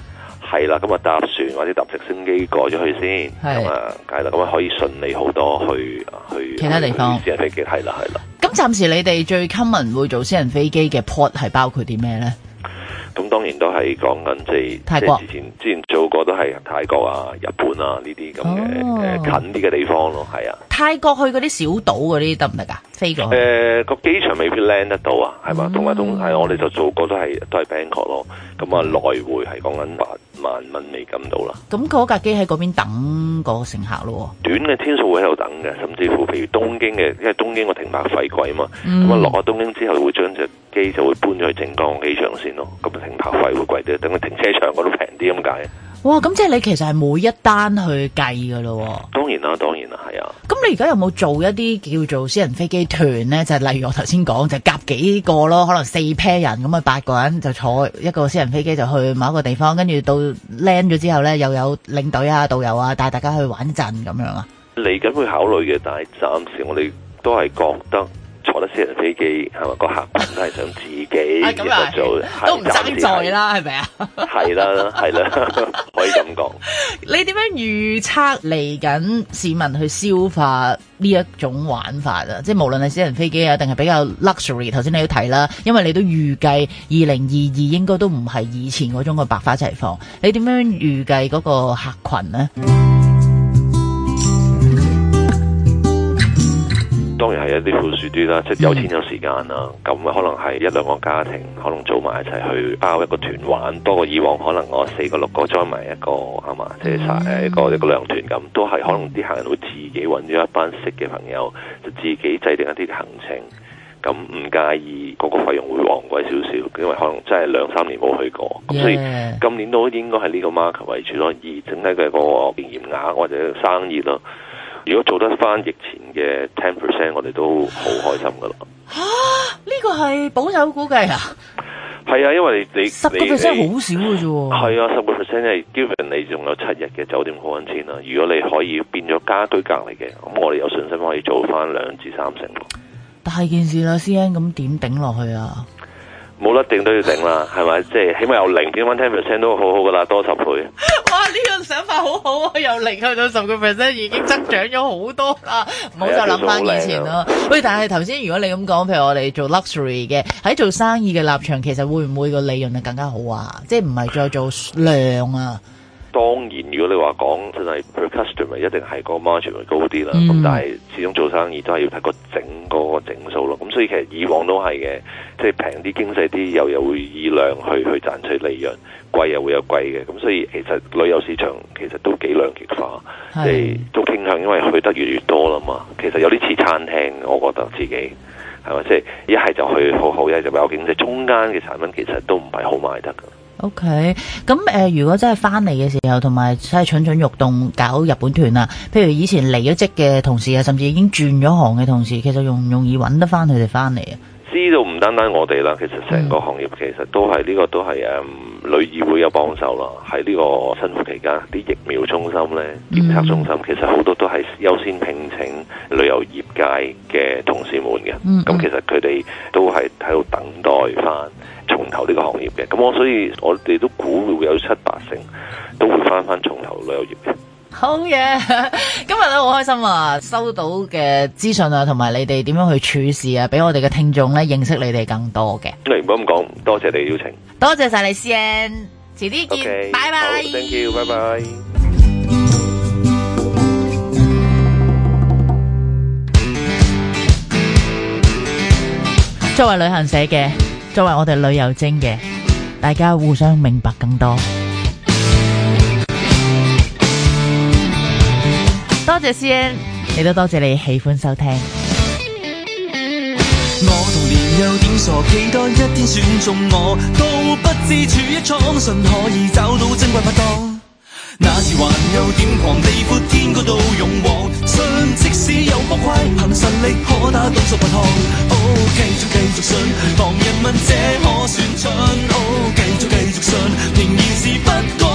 係啦，咁啊，搭船或者搭直升機過咗去先，咁啊的，係啦，咁啊，可以順利好多去去其他地方。私人飛機係啦係啦。咁暫時你哋最 common 會做私人飛機嘅 port 係包括啲咩咧？咁當然都係講緊即係，之前之前做過都係泰國啊、日本啊呢啲咁嘅近啲嘅地方咯，係啊。泰國去嗰啲小島嗰啲得唔得㗎？飛過去？呃、那個機場未必 land 得到啊，係嘛？同埋、嗯、我哋就做過都係、嗯、都係 Bangkok 咯，咁啊來回係講緊。萬蚊未揾到啦，咁嗰架機喺嗰邊等嗰個乘客咯。短嘅天數會喺度等嘅，甚至乎譬如東京嘅，因為東京個停泊費貴啊嘛，咁啊落咗東京之後會將隻機就會搬咗去靜岡機場先咯，咁啊停泊費會貴啲，等佢停車場嗰度平啲咁解。哇！咁即係你其實係每一單去計噶咯？當然啦，當然啦，係啊。咁你而家有冇做一啲叫做私人飛機團呢？就係、例如我頭先講，就夾幾個咯，可能四 pair 人咁啊，八個人就坐一個私人飛機就去某一個地方，跟住到 land 咗之後呢，又有領隊啊、導遊啊帶大家去玩陣咁樣啊？嚟緊會考慮嘅，但係暫時我哋都係覺得。我覺得私人飛機係咪個客群都係想自己、 (laughs) 啊、做，是都唔爭在啦，係咪啊？係啦不，係 (laughs) 啦， (laughs) 可以咁講。你點樣預測嚟緊市民去消化呢一種玩法啊？即係無論係私人飛機啊，定係比較 luxury。頭先你都提啦，因為你都預計二零二二應該都唔係以前嗰種個百花齊放。你點樣預計嗰個客群呢？ (music) 當然係一啲富庶啲啦，即係有錢有時間啦。咁 Yeah. 可能係一兩個家庭，可能組埋一齊去包一個團玩，多過以往可能我四個六個 join 埋一個係嘛，即係一個 Yeah. 一個兩團咁，都係可能啲客人會自己揾咗一班識嘅朋友，就自己制定一啲行程，咁唔介意嗰個費用會昂貴少少，因為可能真係兩三年冇去過，咁所以今年都應該係呢個 market 為主咯，而整體佢個營業額或者生意咯。如果做得翻疫前嘅 ten percent，我哋都好開心噶啦。嚇、啊！呢、呢個係保守估計啊。係啊，因為你十個 percent 好少嘅啫。係啊，十個 percent 係 given 你仲有七日嘅酒店好款錢啦。如果你可以變咗家居隔離嘅，咁我哋有信心可以做翻兩至三成。但大件事啦，C N，咁點頂落去啊？冇得定都要定啦，係咪？即係起碼由零點一 percent 都好好噶啦，多十倍。哇！呢個想法好好啊，由零去到十個 percent 已經增長咗好多啦。唔好吧再諗翻以前咯。啊、喂，但係頭先如果你咁講，譬如我哋做 luxury 嘅，喺做生意嘅立場，其實會唔會個利潤啊更加好啊？即係唔係再做量啊？當然，如果你話講真係 per customer，一定係個 margin 會高啲啦。咁、嗯、但係始終做生意都係要睇個整個整數咯。咁、嗯、所以其實以往都係嘅，即係平啲經濟啲，又又會以量去去賺取利潤；貴又會有貴嘅。咁、嗯、所以其實旅遊市場其實都幾兩極化，係是都傾向因為去得越嚟越多啦嘛。其實有啲似餐廳，我覺得自己係咪？即一係就去好好，一係就比較經濟。中間嘅產品其實都唔係好賣得嘅。O K，咁誒，如果真係翻嚟嘅時候，同埋真係蠢蠢欲動搞日本團啊，譬如以前離咗職嘅同事啊，甚至已經轉咗行嘅同事，其實容唔容易搵得翻佢哋翻嚟啊？知道唔單單我哋啦，其實成個行業其實都係呢、嗯、個都係誒、呃、旅議會有幫手啦。喺呢個辛苦期間，啲疫苗中心咧、檢測中心，嗯、其實好多都係優先聘請旅遊業界嘅同事們嘅。咁、嗯嗯、其實佢哋都係喺度等待翻。重投呢個行業嘅，咁我所以我哋都估會有七八成都會翻翻重投旅遊業嘅。好嘢！今日都好開心啊，收到嘅資訊啊，同埋你哋點樣去處事啊，俾我哋嘅聽眾咧認識你哋更多嘅。咁啊，唔好咁講，多謝你嘅邀請。多謝晒你 Sim 遲啲見，拜拜 Okay，bye bye。好，Thank you，拜拜。作為旅行社嘅。作為我哋旅遊精嘅，大家互相明白更多。多謝先，N，你都多謝你喜歡收聽。我童年有點傻，期待一天選中我，都不知處一倉，信可以找到珍貴拍檔。那時還有點狂，地闊天高都勇往。信，即使有波壞，憑實力可打倒數不趟。哦、oh，繼續繼續信，旁人問這可算蠢？哦、oh，繼續繼續信，仍然是不覺。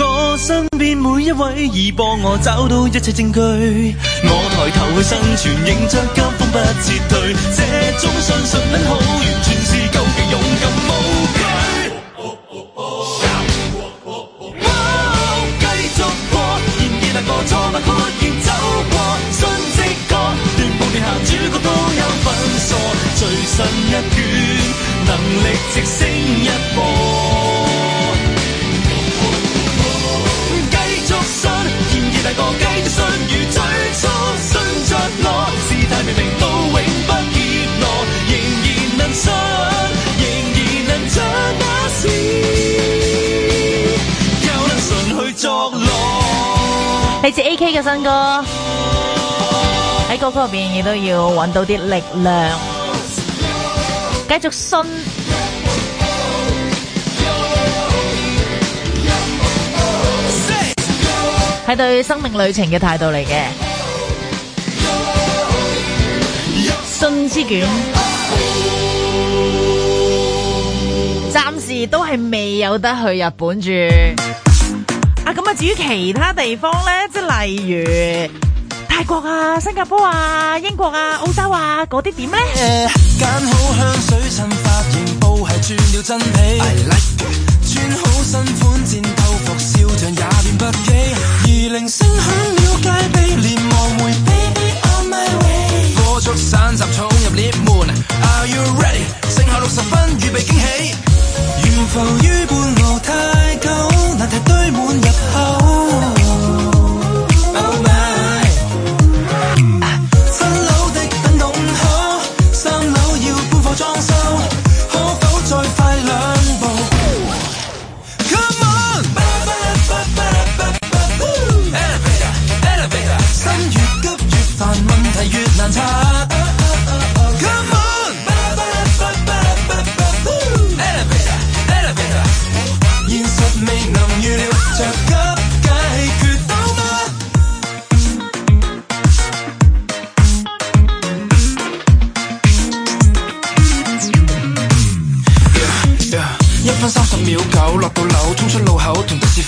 我身邊每一位，已幫我找到一切證據。我抬頭去生存，迎着金風不撤退。這種相信心好，完全是夠嘅勇敢。新歌喺歌曲入邊，亦都要揾到啲力量，繼續信，係對生命旅程嘅態度嚟嘅。信之卷，暫時都係未有得去日本住。啊咁啊！至於其他地方咧，即係例如泰國啊、新加坡啊、英國啊、澳洲啊嗰啲點咧？浮於半路太久，難題堆滿入口。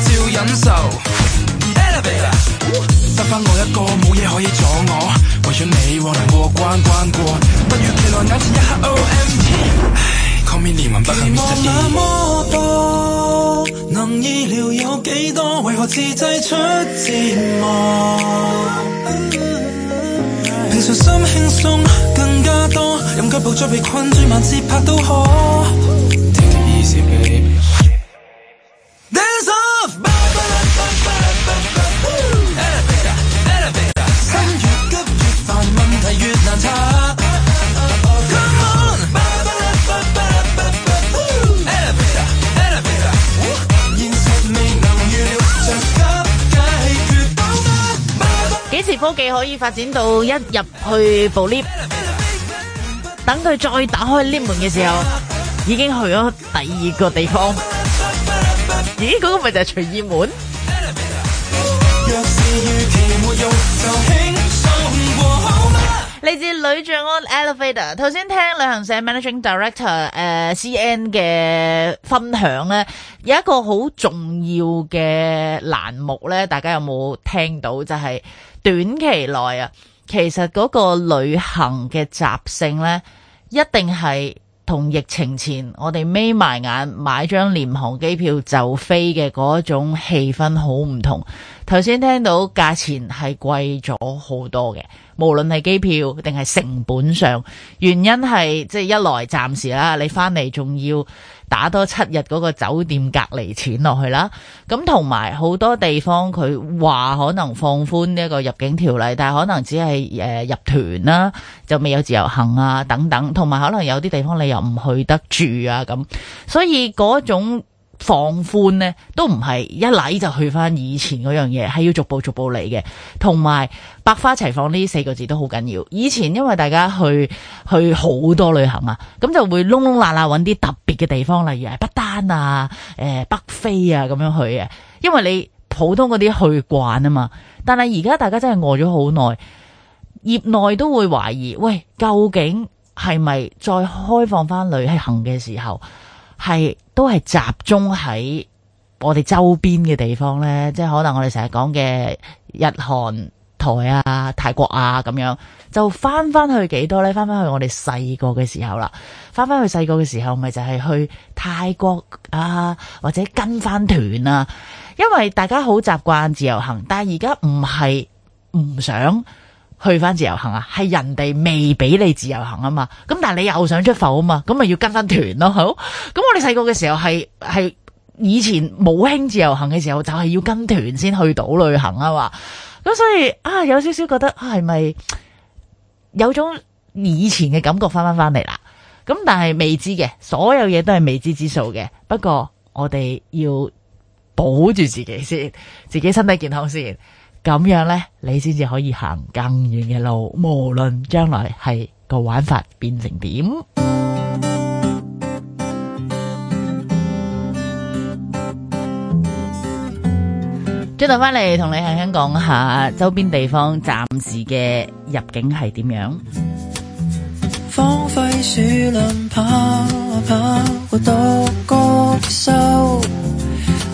照忍受。得返我一個，冇嘢可以阻我。為咗你，我、哦、能過關關過，不如來眼前一刻 T, 唉。O M G！唉面 a l 不能你期望那麼多，能意料有幾多？為何自製出折磨？ (music) 平常心輕鬆，更加多。 (music) 任腳步再被困住，晚節拍都可。可以發展到一入去部 lift，等佢再打開 lift 門嘅時候，已經去咗第二個地方。咦，嗰個咪就係隨意門？嚟自旅長安 Elevator。頭先聽旅行社 Managing Director 誒，CN 嘅分享咧，有一個好重要嘅欄目咧，大家有冇聽到？就係。短期內啊，其實嗰個旅行嘅習性呢，一定係同疫情前我哋眯埋眼買張廉航機票就飛嘅嗰種氣氛好唔同。頭先聽到價錢係貴咗好多嘅。無論係機票定係成本上，原因係即係一來暫時啦，你翻嚟仲要打多七日嗰個酒店隔離錢落去啦。咁同埋好多地方佢話可能放寬呢一個入境條例，但係可能只係誒入團啦，就未有自由行啊等等。同埋可能有啲地方你又唔去得住啊咁，所以嗰種。放寬呢都唔係一嚟，就去翻以前嗰樣嘢，係要逐步逐步嚟嘅。同埋百花齊放呢四個字都好緊要。以前因為大家去去好多旅行啊，咁就會窿窿罅罅揾啲特別嘅地方，例如係北丹啊、誒、欸、北非啊咁樣去嘅。因為你普通嗰啲去慣啊嘛，但係而家大家真係餓咗好耐，業內都會懷疑，喂，究竟係咪再開放翻旅行嘅時候？係都係集中喺我哋周邊嘅地方呢，即係可能我哋成日講嘅日韓台啊、泰國啊咁樣，就翻翻去幾多呢？翻翻去我哋細個嘅時候啦，翻翻去細個嘅時候，咪就係去泰國啊，或者跟翻團啊，因為大家好習慣自由行，但係而家唔係唔想。去翻自由行啊，係人哋未俾你自由行啊嘛，咁但係你又想出埠啊嘛，咁咪要跟翻團咯，好？咁我哋細個嘅時候係係以前冇興自由行嘅時候，就係要跟團先去到旅行啊嘛，咁所以啊，有少少覺得啊，係咪有種以前嘅感覺翻翻翻嚟啦？咁但係未知嘅，所有嘢都係未知之數嘅，不過我哋要保住自己先，自己身體健康先。咁樣咧，你先至可以行更遠嘅路。無論將來係個玩法變成點，轉頭翻嚟同你輕輕講下周邊地方暫時嘅入境係點樣。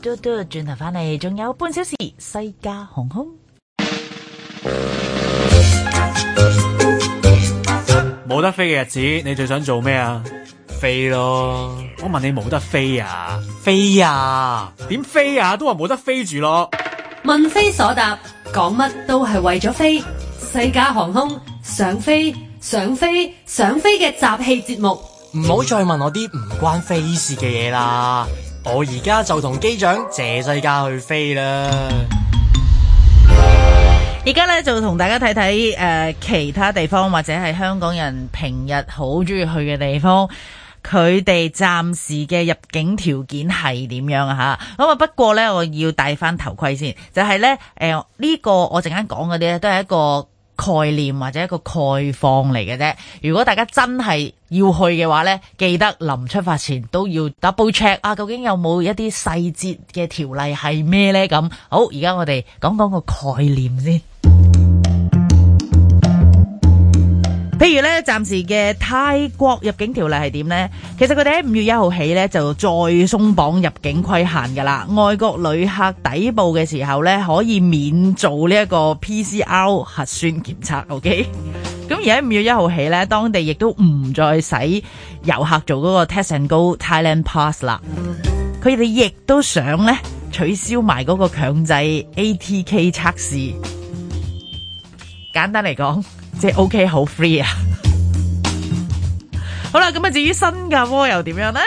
嘟嘟，轉頭翻嚟，仲有半小時。西加航空，冇得飛嘅日子，你最想做咩啊？飛咯！我問你冇得飛啊？飛啊？點飛啊？都話冇得飛住咯。問非所答，講乜都係為咗飛。西加航空，想飛想飛想飛嘅集氣節目。唔好、嗯、再問我啲唔關飛事嘅嘢啦。我而家就同機長謝世界去飛啦！而家呢，就同大家睇睇誒，其他地方或者係香港人平日好中意去嘅地方，佢哋暫時嘅入境條件係點樣啊？吓咁啊！不過呢，我要戴翻頭盔先，就係呢，呃，呢個我陣間講嗰啲都係一個。概念或者一個概況嚟嘅啫。如果大家真係要去嘅話咧，記得臨出發前都要 double check 啊，究竟有冇一啲細節嘅條例係咩咧？咁好，而家我哋講講個概念先。譬如咧，暫時嘅泰國入境條例係點呢？其實佢哋喺五月一號起咧就再鬆綁入境規限㗎啦。外國旅客抵埗嘅時候咧，可以免做呢一個 PCR 核酸檢測。OK，咁 (laughs) 而喺五月一號起咧，當地亦都唔再使遊客做嗰個 Test and Go Thailand Pass 啦。佢哋亦都想咧，取消埋嗰個強制 ATK 測試。簡單嚟講。即係 OK，好 free 啊！ (laughs) 好啦，咁啊，至於新加坡又點樣呢？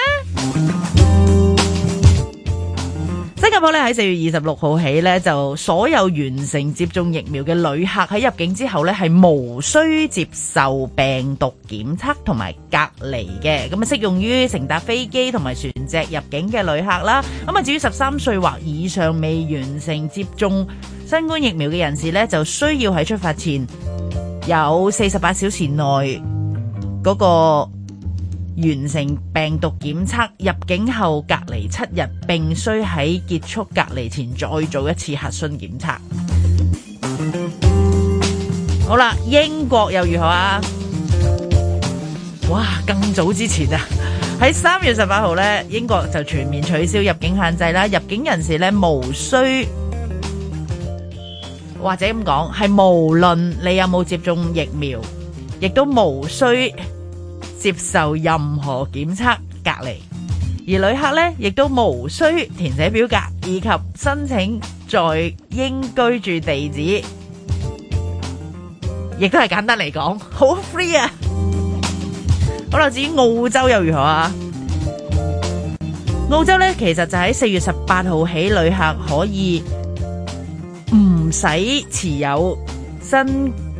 新加坡咧喺四月二十六號起咧，就所有完成接種疫苗嘅旅客喺入境之後咧係無需接受病毒檢測同埋隔離嘅。咁啊，適用於乘搭飛機同埋船隻入境嘅旅客啦。咁啊，至於十三歲或以上未完成接種新冠疫苗嘅人士咧，就需要喺出發前。有四十八小時內嗰、那個完成病毒檢測，入境後隔離七日，並須喺結束隔離前再做一次核酸檢測。好啦，英國又如何啊？哇，更早之前啊，喺三月十八號呢，英國就全面取消入境限制啦，入境人士呢，無需。或者咁講，係無論你有冇接種疫苗，亦都無需接受任何檢測隔離。而旅客咧，亦都無需填寫表格，以及申請在英居住地址，亦都係簡單嚟講好 free 啊。好啦，至於澳洲又如何啊？澳洲咧，其實就喺四月十八號起，旅客可以。唔使持有新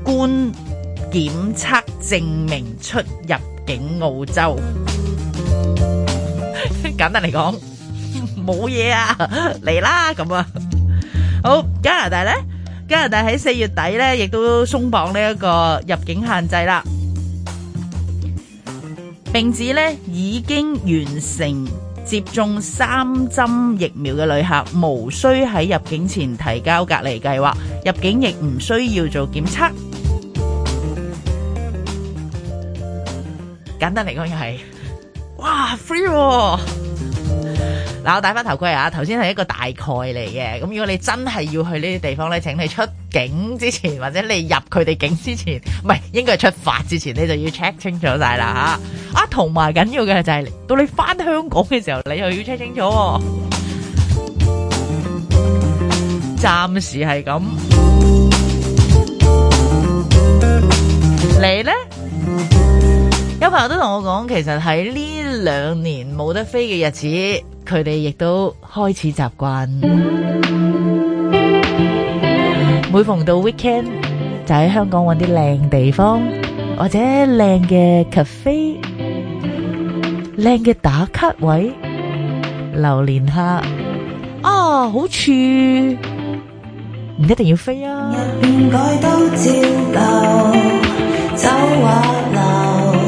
冠檢測證明出入境澳洲， (laughs) 簡單嚟講冇嘢啊，嚟啦咁啊，好，加拿大呢，加拿大喺四月底呢亦都鬆綁呢一個入境限制啦，並且呢已經完成。接種三針疫苗嘅旅客，無需喺入境前提交隔離計劃，入境亦唔需要做檢測。 (music) 簡單嚟講，又係哇，free 喎，哦！嗱，我戴翻頭盔啊，頭先係一個大概嚟嘅，咁如果你真係要去呢啲地方咧，請你出境之前或者你入佢哋境之前，唔係應該係出發之前，你就要 check 清楚晒啦嚇。啊，同埋緊要嘅就係到你翻香港嘅時候，你又要 check 清楚哦。暫時係咁。你呢？有朋友都同我講，其實喺呢兩年冇得飛嘅日子。佢哋亦都開始習慣每逢到 weekend 就喺香港揾啲靚地方，或者靚嘅 cafe 靚嘅打卡位，流連客啊，好處唔一定要飛啊。日便改都照流，走啊流，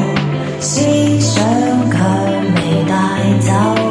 思想卻未帶走。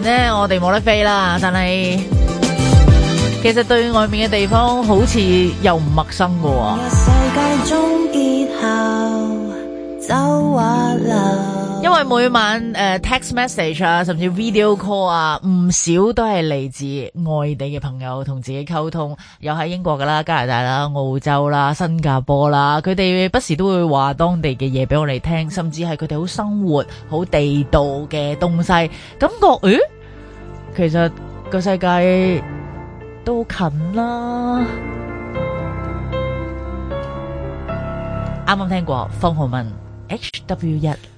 呢、嗯、我哋冇得飛啦，但係其實對外面嘅地方好似又唔陌生噶。世界中因為每晚誒、uh, text message 啊，甚至 video call 啊，唔少都係嚟自外地嘅朋友同自己溝通，又喺英國噶啦、加拿大啦、澳洲啦、新加坡啦，佢哋不時都會話當地嘅嘢俾我哋聽，甚至係佢哋好生活、好地道嘅東西，感覺誒、欸，其實個世界都近啦。啱啱聽過方浩文 H W 一。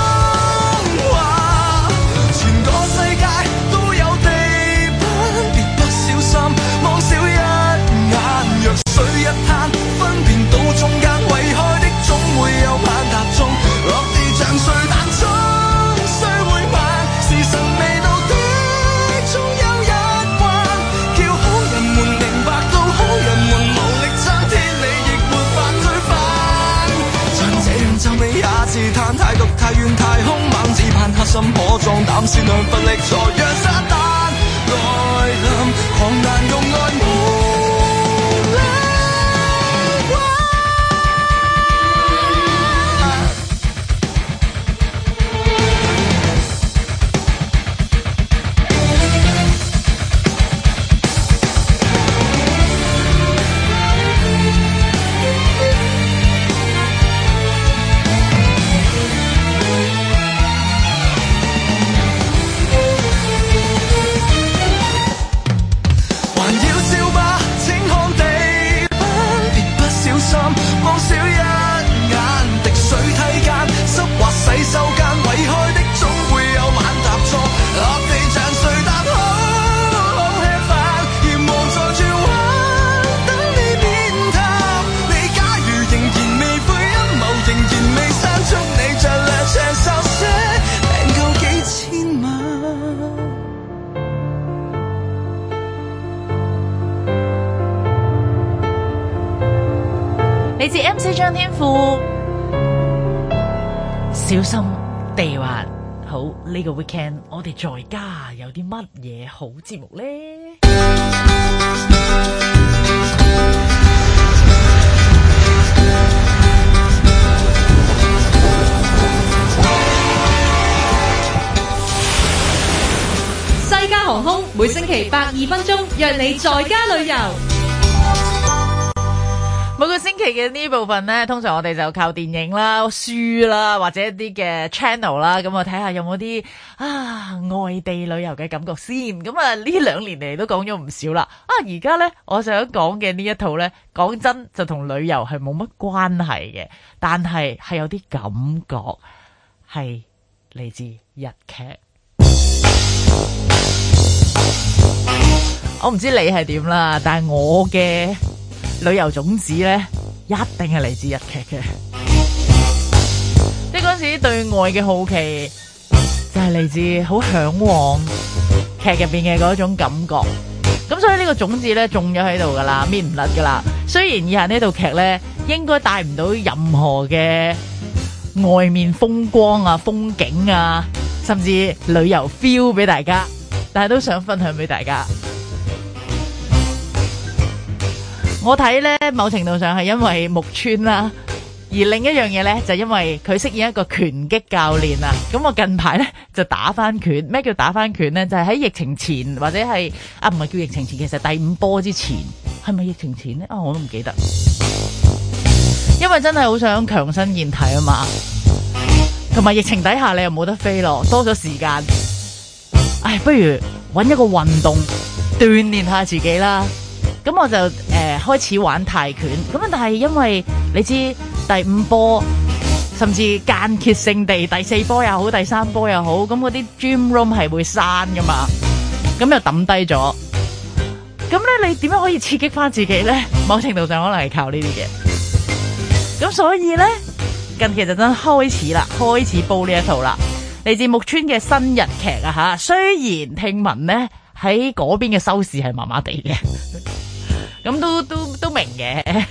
讓你在家旅遊。每個星期嘅呢部分呢，通常我哋就靠電影啦、書啦，或者一啲嘅 channel 啦，咁我睇下有冇啲啊外地旅遊嘅感覺先。咁啊呢兩年嚟都講咗唔少啦。啊而家呢，我想講嘅呢一套呢，講真就同旅遊係冇乜關係嘅，但係係有啲感覺係嚟自日劇。我唔知你係點啦，但係我嘅旅遊種子咧，一定係嚟自日劇嘅。即係嗰陣時對外嘅好奇，就係嚟自好向往劇入邊嘅嗰種感覺。咁所以呢個種子咧種咗喺度噶啦，搣唔甩噶啦。雖然以下呢套劇咧，應該帶唔到任何嘅外面風光啊、風景啊，甚至旅遊 feel 俾大家，但係都想分享俾大家。我睇咧，某程度上係因為木村啦，而另一樣嘢咧就是、因為佢飾演一個拳擊教練啊。咁我近排咧就打翻拳，咩叫打翻拳咧？就係、是、喺疫情前或者係啊，唔係叫疫情前，其實第五波之前係咪疫情前咧？啊，我都唔記得。因為真係好想強身健體啊嘛，同埋疫情底下你又冇得飛囉，多咗時間，唉，不如搵一個運動鍛煉下自己啦。咁我就誒、呃、開始玩泰拳，咁啊但係因為你知第五波甚至間歇性地第四波又好，第三波又好，咁嗰啲 gym room 係會閂噶嘛，咁又抌低咗。咁咧你點樣可以刺激翻自己咧？某程度上可能係靠呢啲嘅。咁所以咧，近期就真開始啦，開始煲呢一套啦，嚟自木村嘅新日劇啊吓，雖然聽聞咧喺嗰邊嘅收視係麻麻地嘅。咁都都都明嘅，呢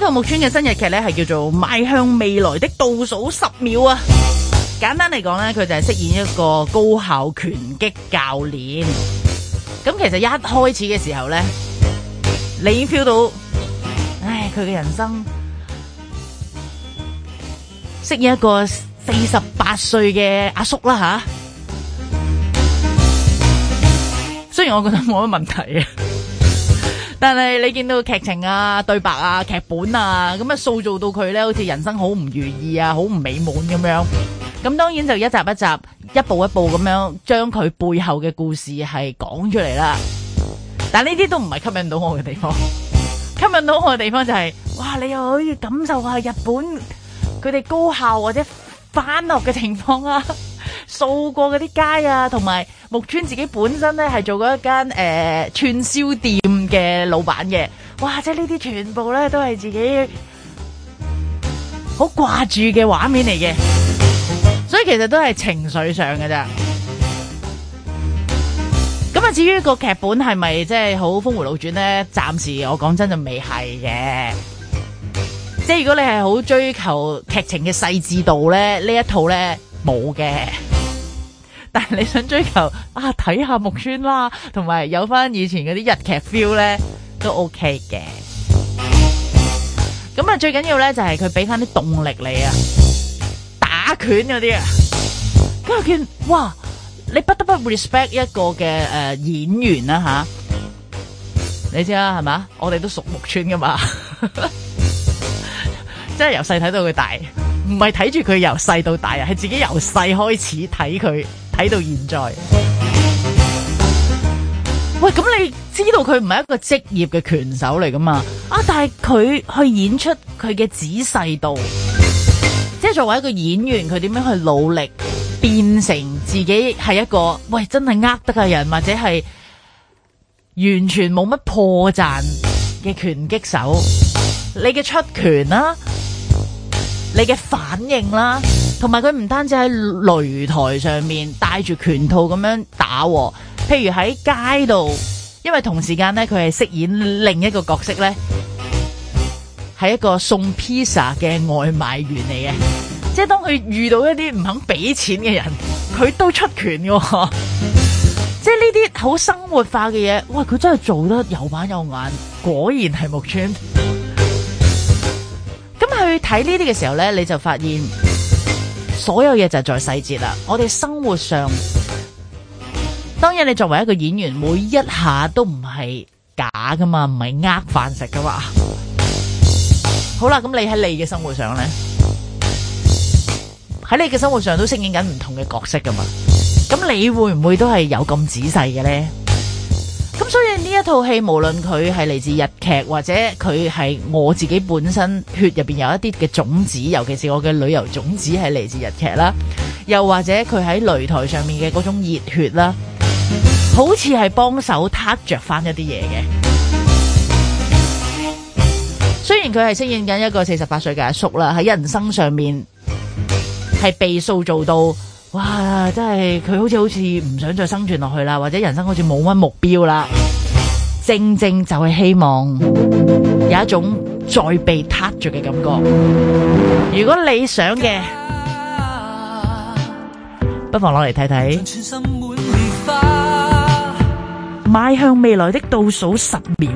套木村嘅新日劇咧係叫做《邁向未來的倒數十秒》啊！簡單嚟講咧，佢就係飾演一個高校拳擊教練。咁其實一開始嘅時候咧，你已經 feel 到，唉，佢嘅人生飾演一個四十八歲嘅阿叔啦吓。雖然我覺得冇乜問題啊，但係你見到劇情啊、對白啊、劇本啊，咁啊塑造到佢咧，好似人生好唔如意啊、好唔美滿咁樣。咁當然就一集一集、一步一步咁樣將佢背後嘅故事係講出嚟啦。但呢啲都唔係吸引到我嘅地方。吸引到我嘅地方就係、是，哇！你又可以感受下日本佢哋高校或者返學嘅情況啊。掃過嗰啲街啊，同埋木村自己本身咧，係做過一間誒、呃、串燒店嘅老闆嘅，哇！即係呢啲全部咧都係自己好掛住嘅畫面嚟嘅，所以其實都係情緒上嘅啫。咁啊，至於個劇本係咪即係好峰回路轉咧？暫時我講真就未係嘅，即係如果你係好追求劇情嘅細緻度咧，呢一套咧。冇嘅，但係你想追求啊，睇下木村啦，同埋有翻以前嗰啲日劇 feel 咧，都 OK 嘅。咁啊、嗯，最緊要咧就係佢俾翻啲動力你啊，打拳嗰啲啊，跟住哇，你不得不 respect 一個嘅誒、呃、演員啦、啊、吓，你知啦係嘛，我哋都熟木村噶嘛，真係由細睇到佢大。唔係睇住佢由細到大啊，係自己由細開始睇佢睇到現在。喂，咁你知道佢唔係一個職業嘅拳手嚟㗎嘛？啊，但係佢去演出佢嘅仔細度，即係作為一個演員，佢點樣去努力變成自己係一個喂真係呃得嘅人，或者係完全冇乜破綻嘅拳擊手，你嘅出拳啦，啊。你嘅反應啦，同埋佢唔單止喺擂台上面戴住拳套咁樣打，譬如喺街度，因為同時間呢，佢係飾演另一個角色呢，係一個送披薩嘅外賣員嚟嘅，即係當佢遇到一啲唔肯俾錢嘅人，佢都出拳嘅，即係呢啲好生活化嘅嘢，哇！佢真係做得有板有眼，果然係木村。你睇呢啲嘅時候咧，你就發現所有嘢就係在細節啦。我哋生活上，當然你作為一個演員，每一下都唔係假噶嘛，唔係呃飯食噶嘛。好啦，咁你喺你嘅生活上咧，喺你嘅生活上都飾演緊唔同嘅角色噶嘛。咁你會唔會都係有咁仔細嘅咧？咁所以。呢一套戲，無論佢係嚟自日劇，或者佢係我自己本身血入邊有一啲嘅種子，尤其是我嘅旅遊種子係嚟自日劇啦。又或者佢喺擂台上面嘅嗰種熱血啦，好似係幫手撻着翻一啲嘢嘅。雖然佢係飾演緊一個四十八歲嘅阿叔啦，喺人生上面係被塑造到，哇！真係佢好似好似唔想再生存落去啦，或者人生好似冇乜目標啦。正正就係希望有一種再被撻著嘅感覺。如果你想嘅，不妨攞嚟睇睇。邁向未來的倒數十秒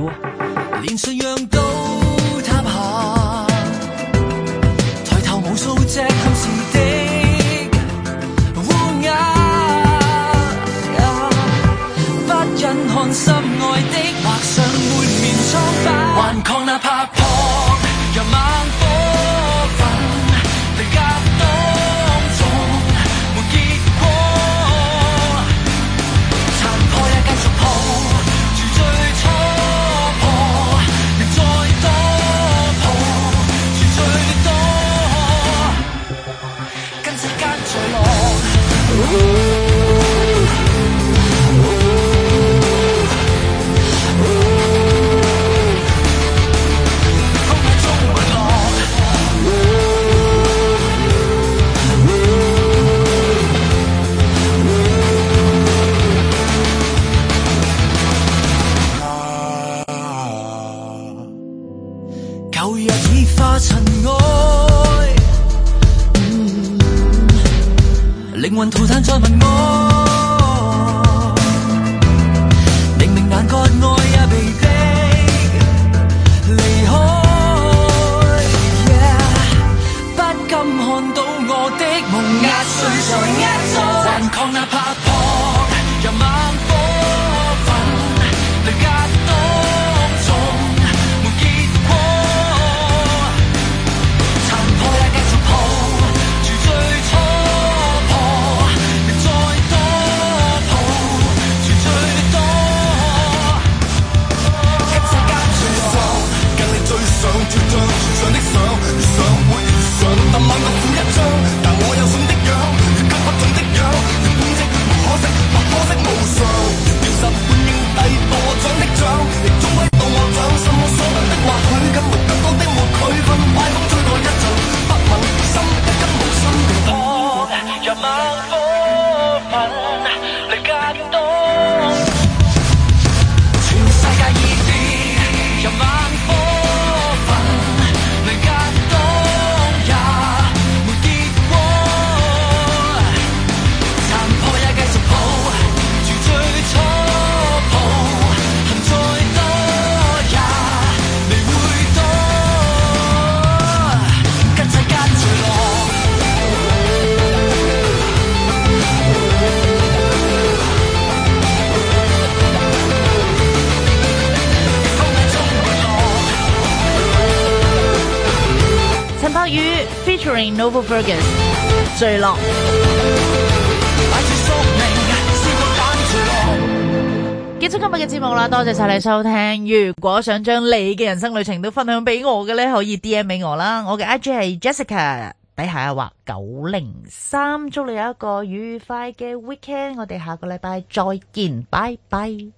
墜落， (music) 結束今日嘅節目啦，多謝晒你收聽。如果想將你嘅人生旅程都分享俾我嘅咧，可以 DM 俾我啦。我嘅 IG 係 Jessica，底下畫九零三，祝你有一個愉快嘅 Weekend。我哋下個禮拜再見，拜拜。